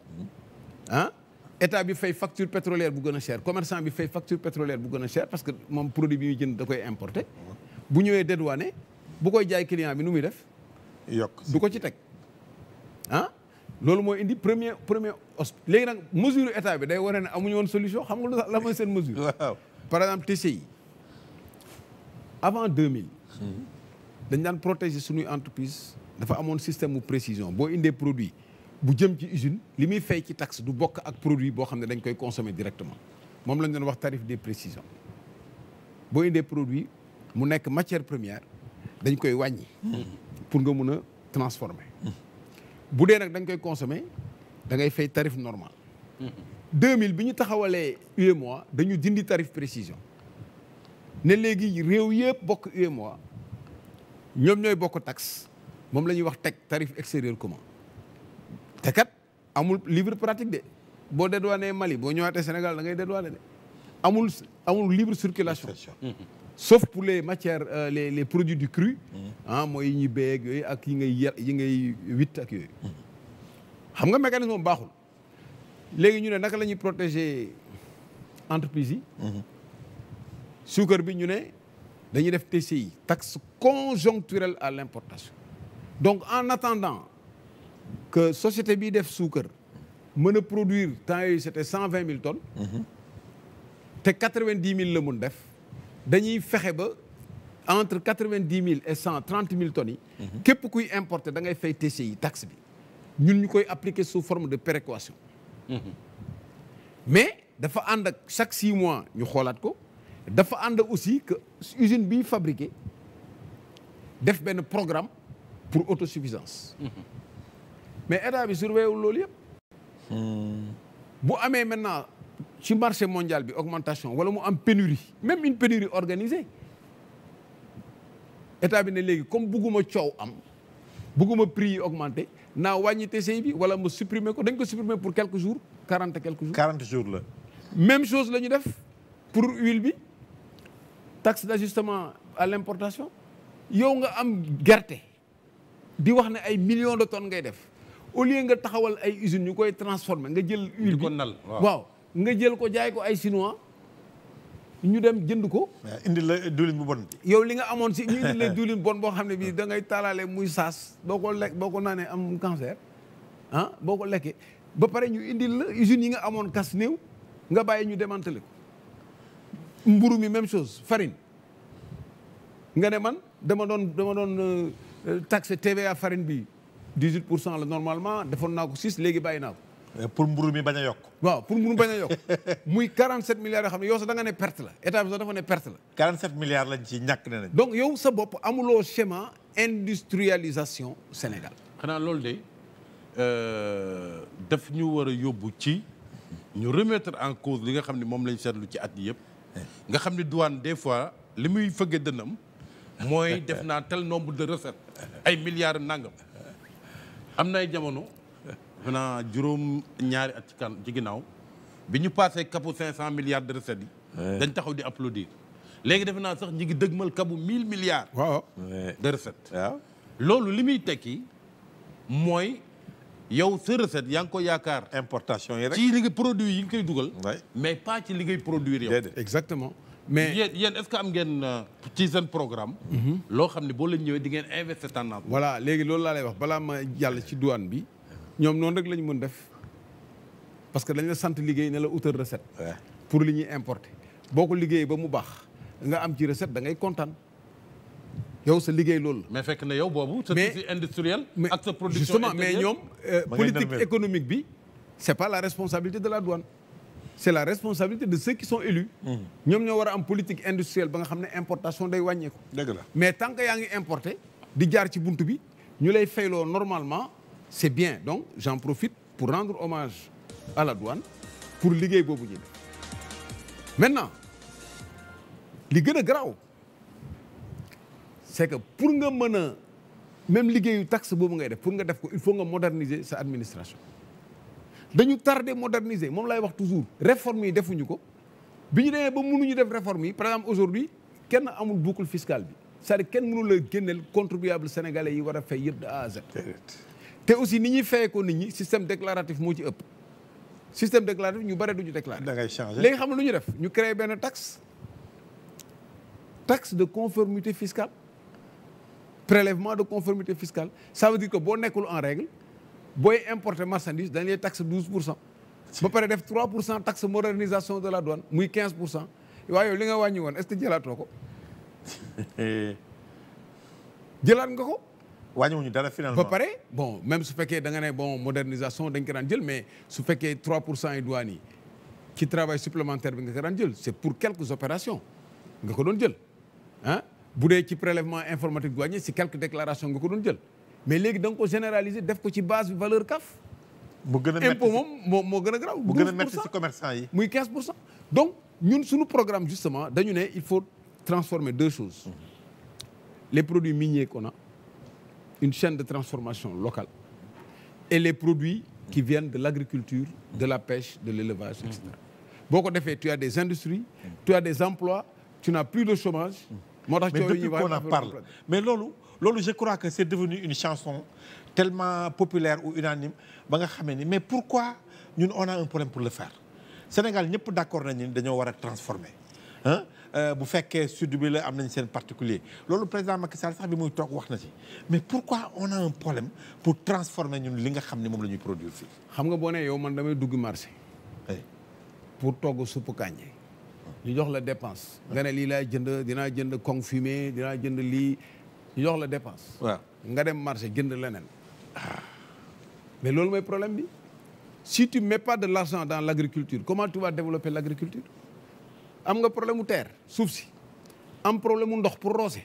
Speaker 3: ah état bi fey facture pétrolière bu gën a cher commerçant bi fay facture pétrolière bu gën a cher parce que moom produit bi ñuy jënd da koy importé. Hmm. bu ñëwee dédouané bu koy jaay client bi nu muy def. yokk du ko ci teg ah. loolu mooy indi premier premier os léegi nag mesure état bi day wane ne amuñu woon solution xam nga lu la mooy seen mesure. [LAUGHS] par exemple TCI avant 2000. dañ daan protéger suñuy entreprise dafa amoon système mu précision boo indee produit bu jëm ci usine li muy fay ci taxe du bokk ak produit boo xam ne dañ koy consommer directement moom lañ doon wax tarif des précisions boo indee produit mu nekk matière première dañ koy wàññi. pour nga mun a transformer. bu dee nag dañ koy consommer da ngay fay tarif normal. 2000 bi ñu taxawalee UEMOA dañu dindi tarif précision ne léegi réew yëpp bokk UEMOA ñoom ñooy bokk tax moom la ñuy wax teg tarif extérieur comment te kat amul libre pratique de boo dédouané Mali boo ñëwaatee Sénégal da ngay dédouané de amul amul libre circulation mm-hmm. sauf pour les matière euh, les les produits du cru mm-hmm. ah mooy yi ñuy yooyu ak yi ngay yi ngay witt ak yooyu mm-hmm. xam nga mécanisme baaxul léegi ñu ne naka la ñuy protéger entreprise yi. Mhm. suukar bi ñu ne dañuy def TCI taxe conjoncturelle à l'importation donc en attendant que société bi def suukar mën a produire temps yooyu cent vingt mille tonnes. Mhm. te quatre vingt dix mille la mun def dañuy fexe ba entre quatre vingt dix mille et cent trente mille tonnes yi. Mhm. képp kuy importer da ngay fay TCI tax bi ñun ñu koy appliquer sous forme de péréquation. mais dafa ànd ak chaque six mois ñu xoolaat ko dafa ànd aussi que usine bi fabriqué def benn programme pour autosuffisance mmh. mais état bi surveillewul loolu yëpp hmm. bu amee maintenant si marché mondial bi augmentation wala mu am pénurie même une pénurie organisée état bi ne léegi comme bugguma coow am bugguma prix yi augmenté naa wàññi TCI bi wala ma supprimer ko dañ ko supprimer pour quelques jours quarante quelques jours. quarante jours la. même chose lañu def pour huile bi tax taxe d'ajustement à l'importation yow nga am gerte di wax ne ay millions de tonne ngay def au lieu nga taxawal ay usines ñu koy transformer nga jël. huile bi nal waaw nga jël ko jaay ko ay chinois. ñu dem jënd ko. Eh, indi la diwlin bu bon yow li nga amoon si ñu indi la [LAUGHS] diwlin bon boo xam ne bii da ngay taalaale muy saas boo ko lekk boo ko naanee am cancer ah boo ko lekkee ba pare ñu indil la usines yi nga amoon kas néew nga bàyyi ñu démantelé la mburu mi même chose farine nga ne man dama doon dama doon euh, taxe TVA farine bi 18 pour cent la normalement defoon naa ko sis léegi bàyyi naa ko Euh, pour mburu mi bañ a yokk waaw pour mburu bañ a yokk [LAUGHS] muy 47 milliards yoo xam ne yow sa danga nga ne perte la état bi sax dafa ne perte la milliards lañ ci ñàkk ne nañ donc yow sa bopp amuloo schéma industrialisation Sénégal
Speaker 4: xanaa loolu de euh, daf ñu war a yóbbu ci ñu remettre en cause li nga xam ni moom lañ seetlu ci at yëpp eh. nga xam ne douane des fois li muy fëgge dënam mooy [LAUGHS] def naa tel nombre de recettes ay milliards nangam am na ay jamono defe naa juróom ñaari at ci kan ci ginnaaw bi ñu passé kapu 500 milliards de recettes yi. dañ taxaw di applaudir léegi defe naa sax ñi ngi dëgmal kabu 1000 milliards. waaw de recettes. loolu li muy tekki mooy yow sa recette yaa ngi ko yaakaar. importation yi rek ci li nga produit yi nga koy dugal. mais pas ci li ngay produire yow. exactement. mais yéen yéen ngeen euh, ci seen programme. Mhm. loo xam ne boo leen ñëwee di ngeen investir tendance.
Speaker 3: voilà léegi loolu laa lay wax balaa ma jàll ci douane bi. ñoom noonu rek la ñu mën def parce que dañ la sant liggéey ne la auteur recette. pour li ñuy importer. boo ko liggéey ba mu baax nga am ci recette da ngay kontaan yow sa liggéey loolu la.
Speaker 4: mais fekk na yow boobu. sa tissu industriel. ak sa production justement mais ñoom. Euh, politique
Speaker 3: économique bi. c'est pas la responsabilité de la douane. c'est la responsabilité de ceux qui sont élus. Hmm. ñoom ñoo war a am politique industrielle ba nga xam ne importation day wàññeeku. dëgg la mais tant que yaa ngi importé di jaar ci bunt bi ñu lay fayloo normalement. c'est bien donc j'en profite pour rendre hommage à la douane pour liggéey boobu ñu def maintenant li gën a garaaw c'est que pour nga mën a même liggéeyu tax boobu ngay def pour nga def ko il faut nga moderniser sa administration dañu tardé moderniser moom lay wax toujours réforme yi defuñu ko bi ñu demee ba ñu def réforme yi par exemple aujourd'hui kenn amul boucle fiscale bi cest à kenn mënu la génneel contribuable sénégalais yi war a fay yëpp de A à Z te aussi ni ñuy fayee ko nit ñi système déclaratif moo ci ëpp système déclaratif ñu bare du ñu déclarer. da ngay changer xam nga lu ñu def ñu créer benn taxe tax de conformité fiscale prélèvement de conformité fiscale ça veut dire que boo nekkul en règle booy importer marchandise dañ lay taxe douze pour cent. ba pare def trois pour cent taxe modernisation de la douane muy quinze pour cent waaye yow li nga wàññi woon est-ce que jëlaatoo ko [LAUGHS] jëlaat nga ko. wàññiwuñu dara finalement ba pare bon même su fekkee da nga ne bon modernisation dañ ko daan jël mais su fekkee 3 pour cent yi douane yi ci travail supplémentaire bi nga ko daan jël c'est pour quelques opérations nga ko doon jël ah bu dee ci prélèvement informatique douanier si quelques déclarations nga ko doon jël mais léegi da généraliser def ko ci base bi valeur CAF. bu gën a métti impôt moom moo moo gën a graw bu gën a métti si yi muy 15 pour cent donc ñun suñu programme justement dañu ne il faut transformer deux choses les produits miniers qu'on une chaîne de transformation locale et les produits qui viennent de l'agriculture de la pêche de l'élevage etc boo ko defee tu as des industries tu as des emplois
Speaker 1: tu n'as plus de chômage moo tax mais depuis qu'on en parle mais loolu loolu je crois que c'est devenu une chanson tellement populaire ou unanime ba nga xamee ni mais pourquoi ñun on a un problème pour le faire Sénégal ñëpp d'accord nañu dañoo war a transformer ah Euh, bu fekkee sud bi la am nañ seen particulier loolu président Macky Sall sax bi muy toog wax na si mais pourquoi on a un problème pour transformer ñun li nga xam ne moom la ñuy produire fii. xam nga boo nee yow man damay
Speaker 3: dugg marché. pour togg suppu kànje ñu jox la dépense. nga ne lii laa jënd dinaa jënd kong fumé dinaa jënd lii ñu la dépense. waaw nga dem marché jënd leneen. mais loolu mooy problème bi si tu mets pas de l'argent dans l'agriculture comment tu vas développer l'agriculture am nga problème mu terre suuf si am problème mu ndox pour roose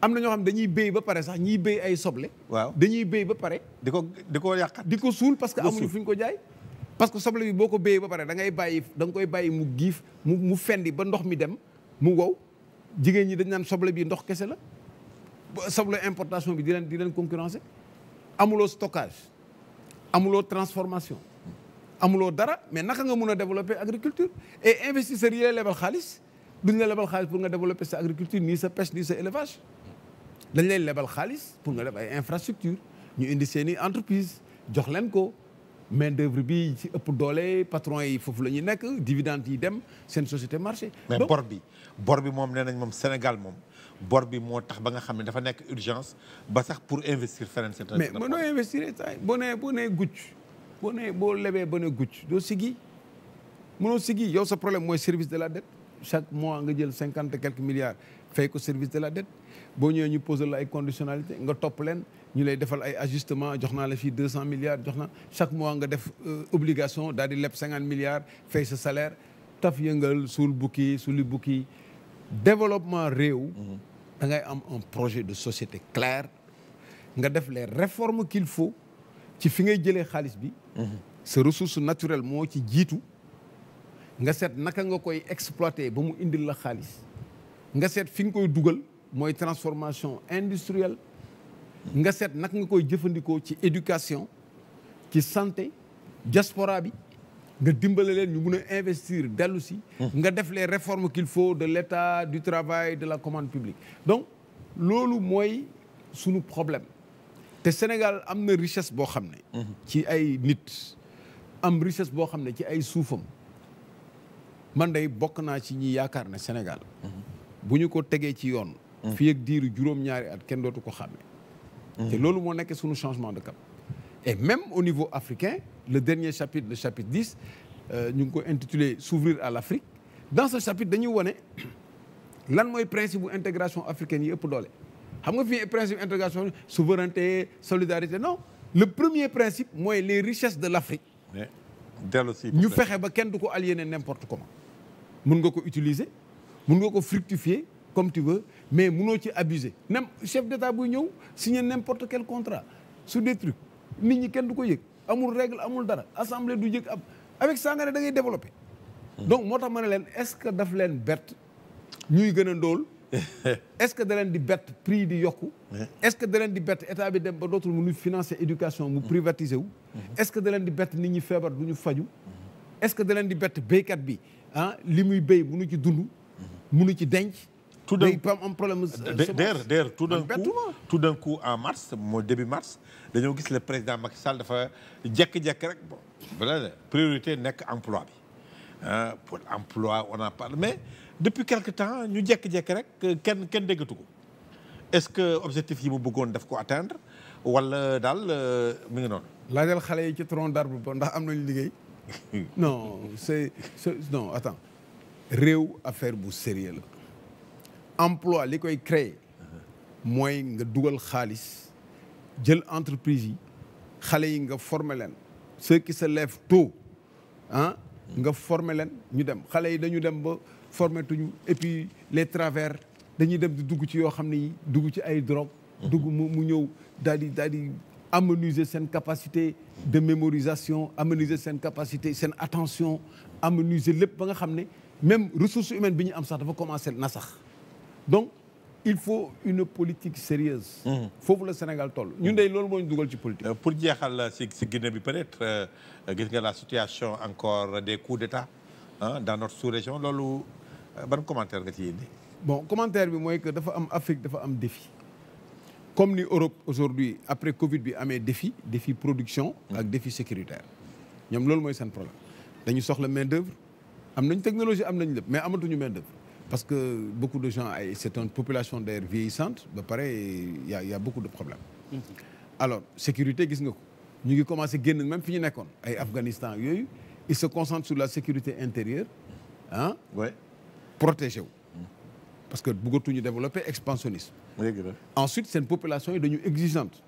Speaker 3: am na ñoo xam dañuy béy ba pare sax ñiy béy ay soble. waaw dañuy béy ba pare. di ko di ko yàqat di ko suul parce que amuñu fu ñu ko jaay. parce que soble bi boo ko béyee ba pare da ngay bàyyi koy bàyyi mu giif mu mu fendi ba ndox mi dem mu wow jigéen ñi dañ naan soble bi ndox kese la soble importation bi di leen di leen concurrencer amuloo stockage amuloo transformation. amuloo dara mais naka nga mun a développer agriculture et investisseurs yi lay lebal xaalis duñ la lebal xaalis pour nga développer sa agriculture nii sa pêche nii sa élevage dañ lay lebal xaalis pour nga def ay infrastructure ñu indi seen i entreprise jox leen ko main d'œuvre bi ci
Speaker 1: ëpp doole patron yi foofu la ñuy nekk dividende yi dem seen société marché. mais bor bi bor bi moom nee nañ moom Sénégal moom bor bi moo tax ba nga xam ne dafa nekk urgence ba sax pour investir feneen. mais mënoo
Speaker 3: investir boo boo nee gucc. boo nee boo lebee ba ne gucc doo siggi mënoo siggi yow sa problème mooy service de la dette chaque mois nga jël cinquante quelques milliards fay ko service de la dette boo ñëwee ñu posé la ay conditionnalité nga topp leen ñu lay defal ay ajustement jox naa la fii deux cent milliards jox na chaque mois nga def euh, obligation daal di leb cinquante milliards fay sa salaire taf nga suul bukki suuli bukki développement réew mhm. da ngay am un projet de société clair nga def les réformes qu'il faut ci fi ngay jëlee xaalis bi sa ressource naturelle moo ci jiitu nga seet naka nga koy exploiter ba mu indil la xaalis nga seet fi nga koy dugal mooy transformation industrielle nga seet naka nga koy jëfandikoo ci éducation ci santé diaspora bi nga dimbale leen ñu mun a investir dellu si nga def les réformes qu'il faut de l'état du travail de la commande publique donc loolu mooy sunu problème te Sénégal am na richesse boo xam ne. ci ay nit. am richesse boo xam ne ci ay suufam man day bokk naa ci ñi yaakaar ne Sénégal. bu ñu ko tegee ci yoon. fi ak diiru juróom-ñaari at kenn dootu ko xàmmee. te loolu moo nekk sunu changement de cap. et même au niveau africain le dernier chapitre le chapitre dix euh, ñu ngi ko intitulé s'ouvrir à l'Afrique dans ce chapitre dañuy wone [CLEARS THROAT] lan mooy principe bu intégration africaine yi ëpp doole. xam nga fii principe intégration souveraineté solidarité non le premier principe mooy les richesses de l'Afrique ñu fexe ba kenn du ko aliéner n'importe comment mun nga ko utiliser mun nga ko fructifier comme tu veux mais munoo ci abuser nem chef d'État buy ñëw signer n'importe quel contrat sur des trucs nit ñi kenn du ko yëg amul règle amul dara assemblée du yëg ab avec ça nga da ngay développer hmm. donc moo tax ma ne leen est-ce que daf leen bett ñuy gën a ndóol [LAUGHS] est-ce que da leen di bett prix di yokku est-ce que da di bett état bi dem ba dootul mënuñ financer éducation mu mm-hmm. privatiser wu mm-hmm. est-ce que da leen di bett nit ñi feebar du ñu faju est-ce que da leen di bett béykat bi ah li muy béy mënu ci dund mënu mm-hmm.
Speaker 1: ci denc tout d'un coup am problème d'ailleurs d'ailleurs tout d'un coup tout d'un coup en mars mooy début mars dañoo gis le président Macky Sall dafa jekk-jekk rek bon voilà priorité nekk emploi bi ah, pour emploi on en parle mais depuis quelque temps ñu jékki-jékki rek euh, kenn kenn déggatu ko est-ce que objectif yi mu bëggoon def ko atteindre wala daal euh, mi ngi noonu. laajal xale yi ci tronc d'arbre ba ndax am nañu liggéey.
Speaker 3: [LAUGHS] non c'est non attends réew affaire bu sérieux la emploi li koy créer mooy nga dugal xaalis jël entreprise yi xale yi nga former leen ceux qui se lèvent tôt ah nga former leen ñu dem xale yi dañu dem ba formé tuñu et puis les travers dañuy dem di dugg ci yoo xam ni dugg ci ay drogue dugg mu mu ñëw daal di daal di ameniser seen capacité de mémorisation ameniser seen capacité seen attention ameniser lépp ba nga xam ne même ressource humaine bi ñu am sax dafa commencé na sax donc il faut une politique sérieuse mmh. foofu la Sénégal
Speaker 1: toll ñu dey loolu moo ñu dugal ci politique euh, pour jeexal euh, si si Guinée bi peut-être euh, gis nga la situation encore des coups d'État dans notre sous-région loolu ban commentaire nga ci indi.
Speaker 3: bon commentaire bi mooy que dafa am Afrique dafa am défi comme ni Europe aujourd'hui après Covid bi amee défi défi production. ak défi sécuritaire. ñoom loolu mooy seen problème dañu soxla main d'œuvre am nañ technologie am nañ lépp mais amatuñu main d'œuvre parce que beaucoup de gens ay c'est une population d'ailleurs vieillissante ba pare y a y a beaucoup de problèmes. Mhm. alors sécurité gis nga ko ñu ngi commencé génn même fi ñu nekkoon ay Afghanistan yooyu ils se la sécurité intérieure ah. protéger wu. parce que bëggatuñu développer expansionnisme. ensuite seen population yi dañu exigeante.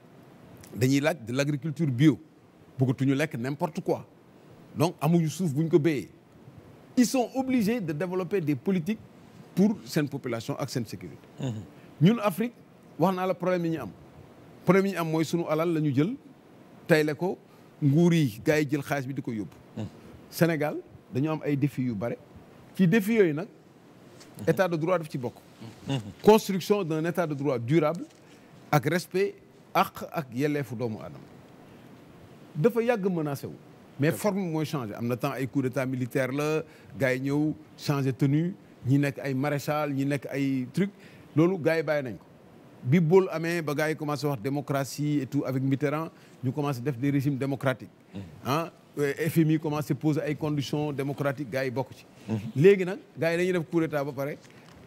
Speaker 3: dañuy laaj de l' agriculture bio ñu lekk n' importe quoi donc amuñu suuf buñ ko béyee. ils sont obligés de développer des politiques pour seen population ak seen sécurité. Mm-hmm. ñun Afrique wax naa la problème yi ñu am. problème yi ñu am mooy sunu alal la ñu jël tayle ko nguur yi gars yi jël xaalis bi di ko yóbbu. Mm. Sénégal dañu am ay défis yu bare ci défis yooyu nag. Mhm. état de droit daf ci bokk. Mhm. construction d'un état de droit durable ak respect àq ak yelleefu doomu adama dafa yàgg menacé wu. mais forme mooy changé am na temps ay coup d'état militaire la gars yi ñëw changé tenue ñi nekk ay maréchal ñi nekk ay truc loolu gars yi bàyyi nañ ko. bi bool amee ba gars yi commencé wax démocratie et tout avec Mitterrand ñu commencé def des régimes démocratiques mhm. ah, Euh, FMI commencé poser ay conditions démocratiques gars yi bokk ci. Mhm. léegi nag gars yi dañuy def coup d'état ba pare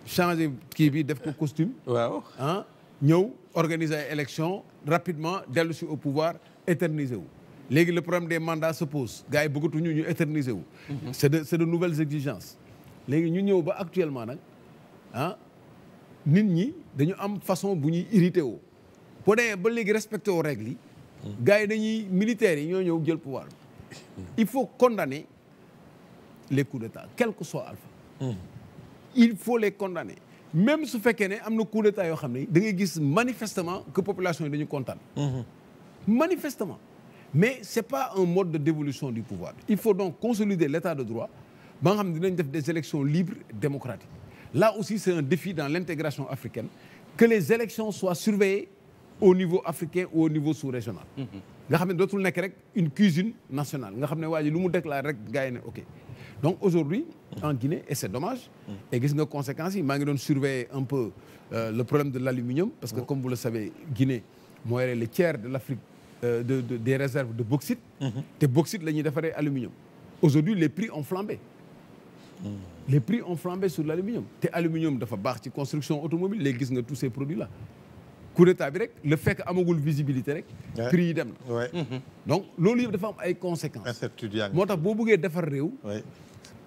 Speaker 3: changer kii bi def ko costume. waaw ah ñëw organiser ay élections rapidement dellu si au pouvoir éterniser wu. léegi le problème de mandats se pose gars yi bëggatuñu ñu éterniser wu. Mhm. c'est de c'est de nouvelles léegi ñu ñëw ba actuellement nag ah nit ñi dañu am façon bu ñuy irrité wu boo demee ba léegi respecté woo règles yi. Mhm. gars yi dañuy militaires yi ñoo ñëw jël pouvoir. il faut condamner les coups d'État quel que soit Alpha. Mmh. il faut les condamner même su fekkee ne am na coup d'État yoo xam ne da ngay gis manifestement que population yi dañu kontaan. manifestement mais c'est pas un mode de dévolution du pouvoir il faut donc consolider l'état de droit ba nga xam ne dinañ def des élections libres démocratiques là aussi c'est un défi dans l'intégration africaine que les élections soient surveillées au niveau africain ou au niveau sous-régional. Mhm. nga xam ne dootul nekk rek une cuisine nationale nga xam ne waa ji lu mu déclare rek gars yi ne ok donc aujourd'hui en Guinée et c'est dommage. Mm. et gis nga conséquence yi maa ngi doon surveiller un peu euh, le problème de l'aluminium parce que mm. comme vous le savez Guinée moo yore le tiers de l'Afrique euh, de, de des réserves de bauxite. Mm-hmm. te bauxite la ñuy defaree aluminium. aujourd'hui les prix ont flambé. Mm. les prix ont flambé sur l'aluminium te dafa baax ci construction automobile léegi gis nga tous ces produits coup d'état bi rek le fekk amagul visibilité rek. prix yi dem na. Mhm. donc loolu yëpp dafa am ay conséquences. incertitude moo tax boo bëggee defar réew.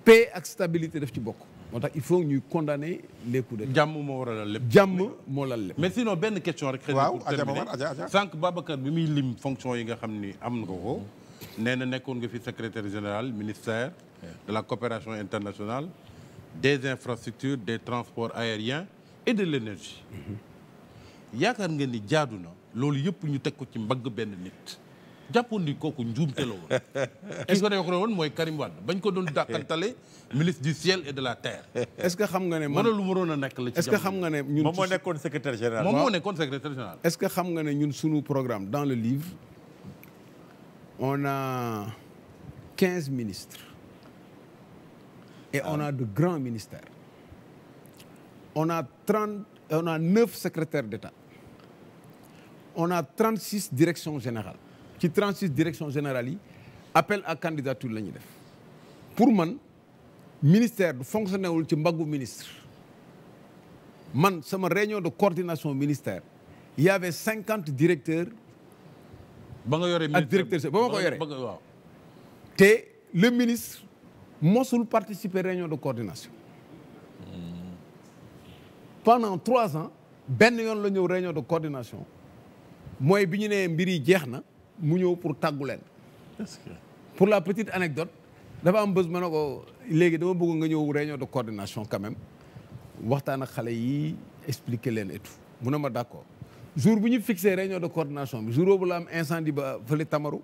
Speaker 3: paix ak stabilité daf ci bokk. moo tax il faut ñuy condamner
Speaker 4: les coups d'état. jàmm moo waral lépp. jàmm moo lal lépp. mais sinon benn question rek. waaw Adja Momar Adja sànq Babacar bi muy lim fonction yi nga xam ni am nga ko. nee na nekkoon nga fi secrétaire général ministère. de la coopération internationale. des infrastructures des transports aériens et de l'énergie. Mm yaakaar ngeen ni jaadu na loolu yëpp ñu teg ko ci mbagg benn nit jàppoon ni kooku njuumte la woon [LAUGHS] ki ko ne ko woon mooy Karim Wade bañ ko doon dàkkantale ministre du ciel et de la terre [LAUGHS] est-ce que xam nga ne mën lu waroon nekk la xam nga ne ñun moom moo nekkoon secrétaire général moom moo nekkoon secrétaire général
Speaker 3: est-ce xam nga ne ñun sunu programme dans le livre on a quinze ministres et on ah. a de grands ministères on a trente on a neuf secrétaires d'État on a 36 direction générales ci 36 direction générales yi appelle à candidature la ñuy def pour man ministère du fonctionné wul ci mbaggu ministre man sama réunion de coordination ministère il y avait directeurs.
Speaker 4: ba nga yore ak directeur ba ma ko yore
Speaker 3: te le ministre mosul participer réunion de coordination. Hmm. pendant trois ans benn yoon la ñëw réunion de coordination. mooy bi ñu nee mbir yi jeex na mu ñëw pour tàggu leen. pour la petite anecdote dafa am bës ma ne ko léegi dama bëgg nga ñëw réunion de coordination quand même waxtaan ak xale yi expliquer leen et mu ne ma d'accord jour bu ñu fixee réunion de coordination bi jour boobu la am incendie ba fële tamaru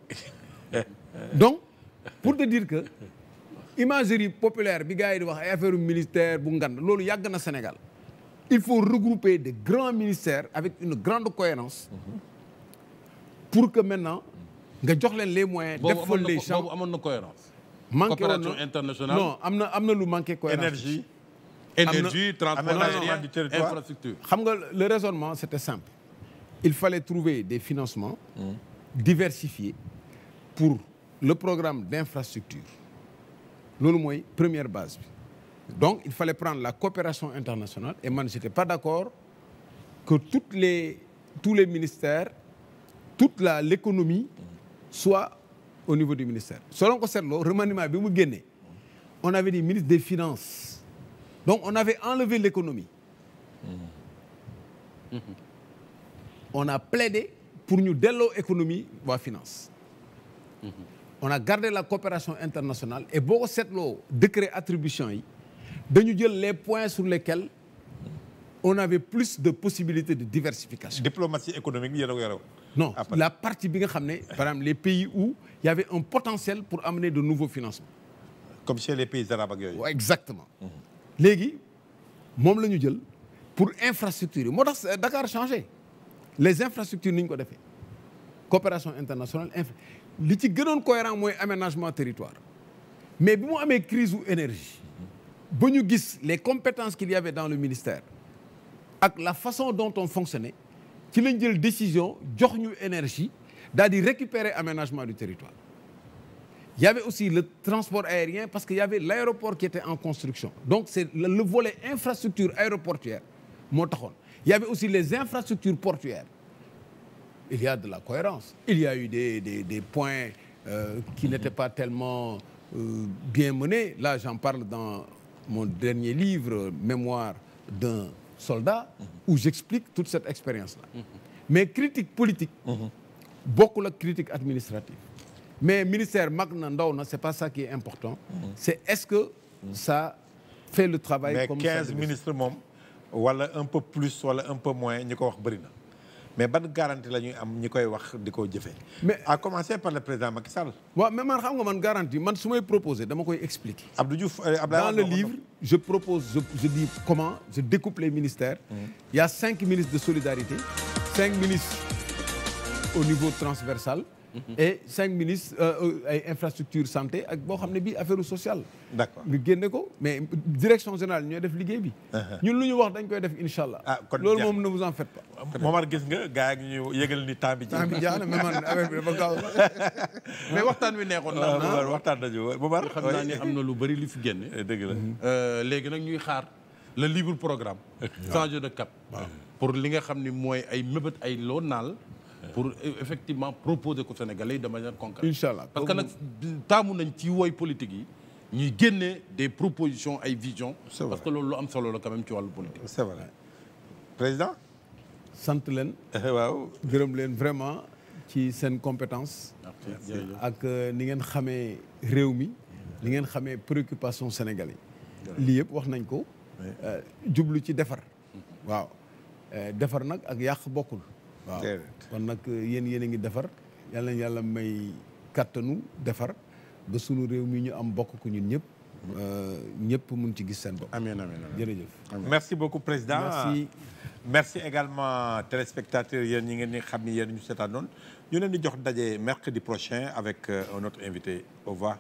Speaker 3: [LAUGHS] donc pour te dire que imagerie populaire bi gars yi di wax ay affaire militaire bu ngand loolu yàgg na Sénégal il faut regrouper des grands ministère avec une grande cohérence mm-hmm. pour que maintenant nga jox leen les moyens. def fa les champs boobu
Speaker 4: amoon na cohérence manqué woon na coopération internationale non
Speaker 3: am na am na lu manqué cohérence énergie.
Speaker 4: énergie transport ah aérien du territoire infrastructure
Speaker 3: xam nga le raisonnement c'était simple il fallait trouver des financements mm. diversifiés pour le programme d'infrastructure loolu mooy première base bi donc il fallait prendre la coopération internationale et man j'étais pas d'accord que les tous les ministères tout la l'économie soit au niveau du ministère soloon ko seetloo remaniement bi mu génnee on avait dit ministre des finance donc on avait enlevé l'économie mmh. on a plaidé pour ñu delloo économie waa finance on a gardé la coopération internationale et boo ko seetloo décret attribution yi dañu jël les points sur lesquels on avait plus de possibilités de diversification diplomatie économique bi yéen a ko yore woon non Après. Ah, la partie bi nga xam ne par exemple les pays où il y avait un potentiel pour amener de nouveaux financements. comme chez les pays arabes yooyu. Ouais, exactement. léegi moom la ñu jël pour infrastructure yi moo tax euh, Dakar changé les infrastructures ni ñu ko defee coopération internationale inf li ci gënoon cohérent mooy aménagement territoire mais bi mu amee crise ou énergie ba ñu gis les compétences qu'il y avait dans le ministère ak la façon dont on fonctionnait. ci lañ jël décision jox énergie daal di récupérer aménagement du territoire il y avait aussi le transport aérien parce que il y avait l'aéroport qui était en construction donc c'est le volet infrastructure aéroportuaire moo taxoon il y avait aussi les infrastructures portuaires il y a de la cohérence il y a eu des des des points euh, qui n'étaient pas tellement euh, bien menés là j'en parle dans mon dernier livre Mémoire d'un soldat mhm. où j'explique toute cette expérience-là mhm. mais critique politique mhm. bokkul ak critique administrative mais ministère mag na ndaw na c'est pas ça qui est
Speaker 1: important c'est est-ce que ça fait le travail mais comme ça mais 15 ministres moom wala un peu plus wala un peu moins ñi ko wax bëri na mais ban garantie la ñuy am ñi koy wax di ko jëfee. mais à commencer par le président Macky Sall. waaw mais man xam nga man garantie man su may
Speaker 3: proposé dama koy expliquer. Abdou Diouf euh, Abdoulaye dans le livre je propose je, je dis comment je découpe les ministères. Mmh. il y a cinq ministres de solidarité. cinq ministres au niveau transversal. Mm-hmm. et cinq ministres euh, euh, ay infrastructure santé ak boo xam ne bii affaire sociale. d'accord ñu génne ko mais direction générale ñooy def liggéey bi. Uh-huh. ñun lu ñu wax dañ koy def incha allah. ah kon loolu moom na vous en faites
Speaker 1: pas. Momar gis nga gars yi ñu yëgal ni temps bi. temps bi
Speaker 3: jeex na mais
Speaker 4: [LAUGHS] mais waxtaan wi neexoon na. waaw ah, waxtaan nañu Momar. xam naa ne am na lu bari li fi génne. Eh, dëgg la mm-hmm. euh, léegi nag ñuy xaar. le libre programme. [LAUGHS] changer de cap. pour li nga xam ni mooy ay mébét ay loo naal. pour e, effectivement proposer ko Sénégalais de manière concrète. incha allah parce que nag taamu nañ ci woy politique yi. ñuy génne des propositions ay visions. parce que loolu lu am solo la quand même ci wàllu politique. c'est vrai président. sant leen. Eh, waaw gërëm leen vraiment
Speaker 3: ci seen compétence. ak euh, ni ngeen xamee réew mi. ni ngeen xamee préoccupation sénégalais. lii yëpp wax nañ ko. Euh, jublu ci defar. Mm-hmm. waaw euh, defar nag ak yàq bokkul. waaw kon nag euh, yéen yéen a ngi defar yàlla yàlla may kattanu defar ba sunu réew mi ñu am bokk ko ñun ñëpp. Mm-hmm. Euh, ñëpp mun ci gis seen bopp. amiin amiin jërëjëf. merci beaucoup
Speaker 1: président merci. merci également téléspectateurs yéen ñi ngeen di xam ni yéen ñu seetaan noonu ñu leen di jox daje mercredi prochain avec euh, notre invité au revoir.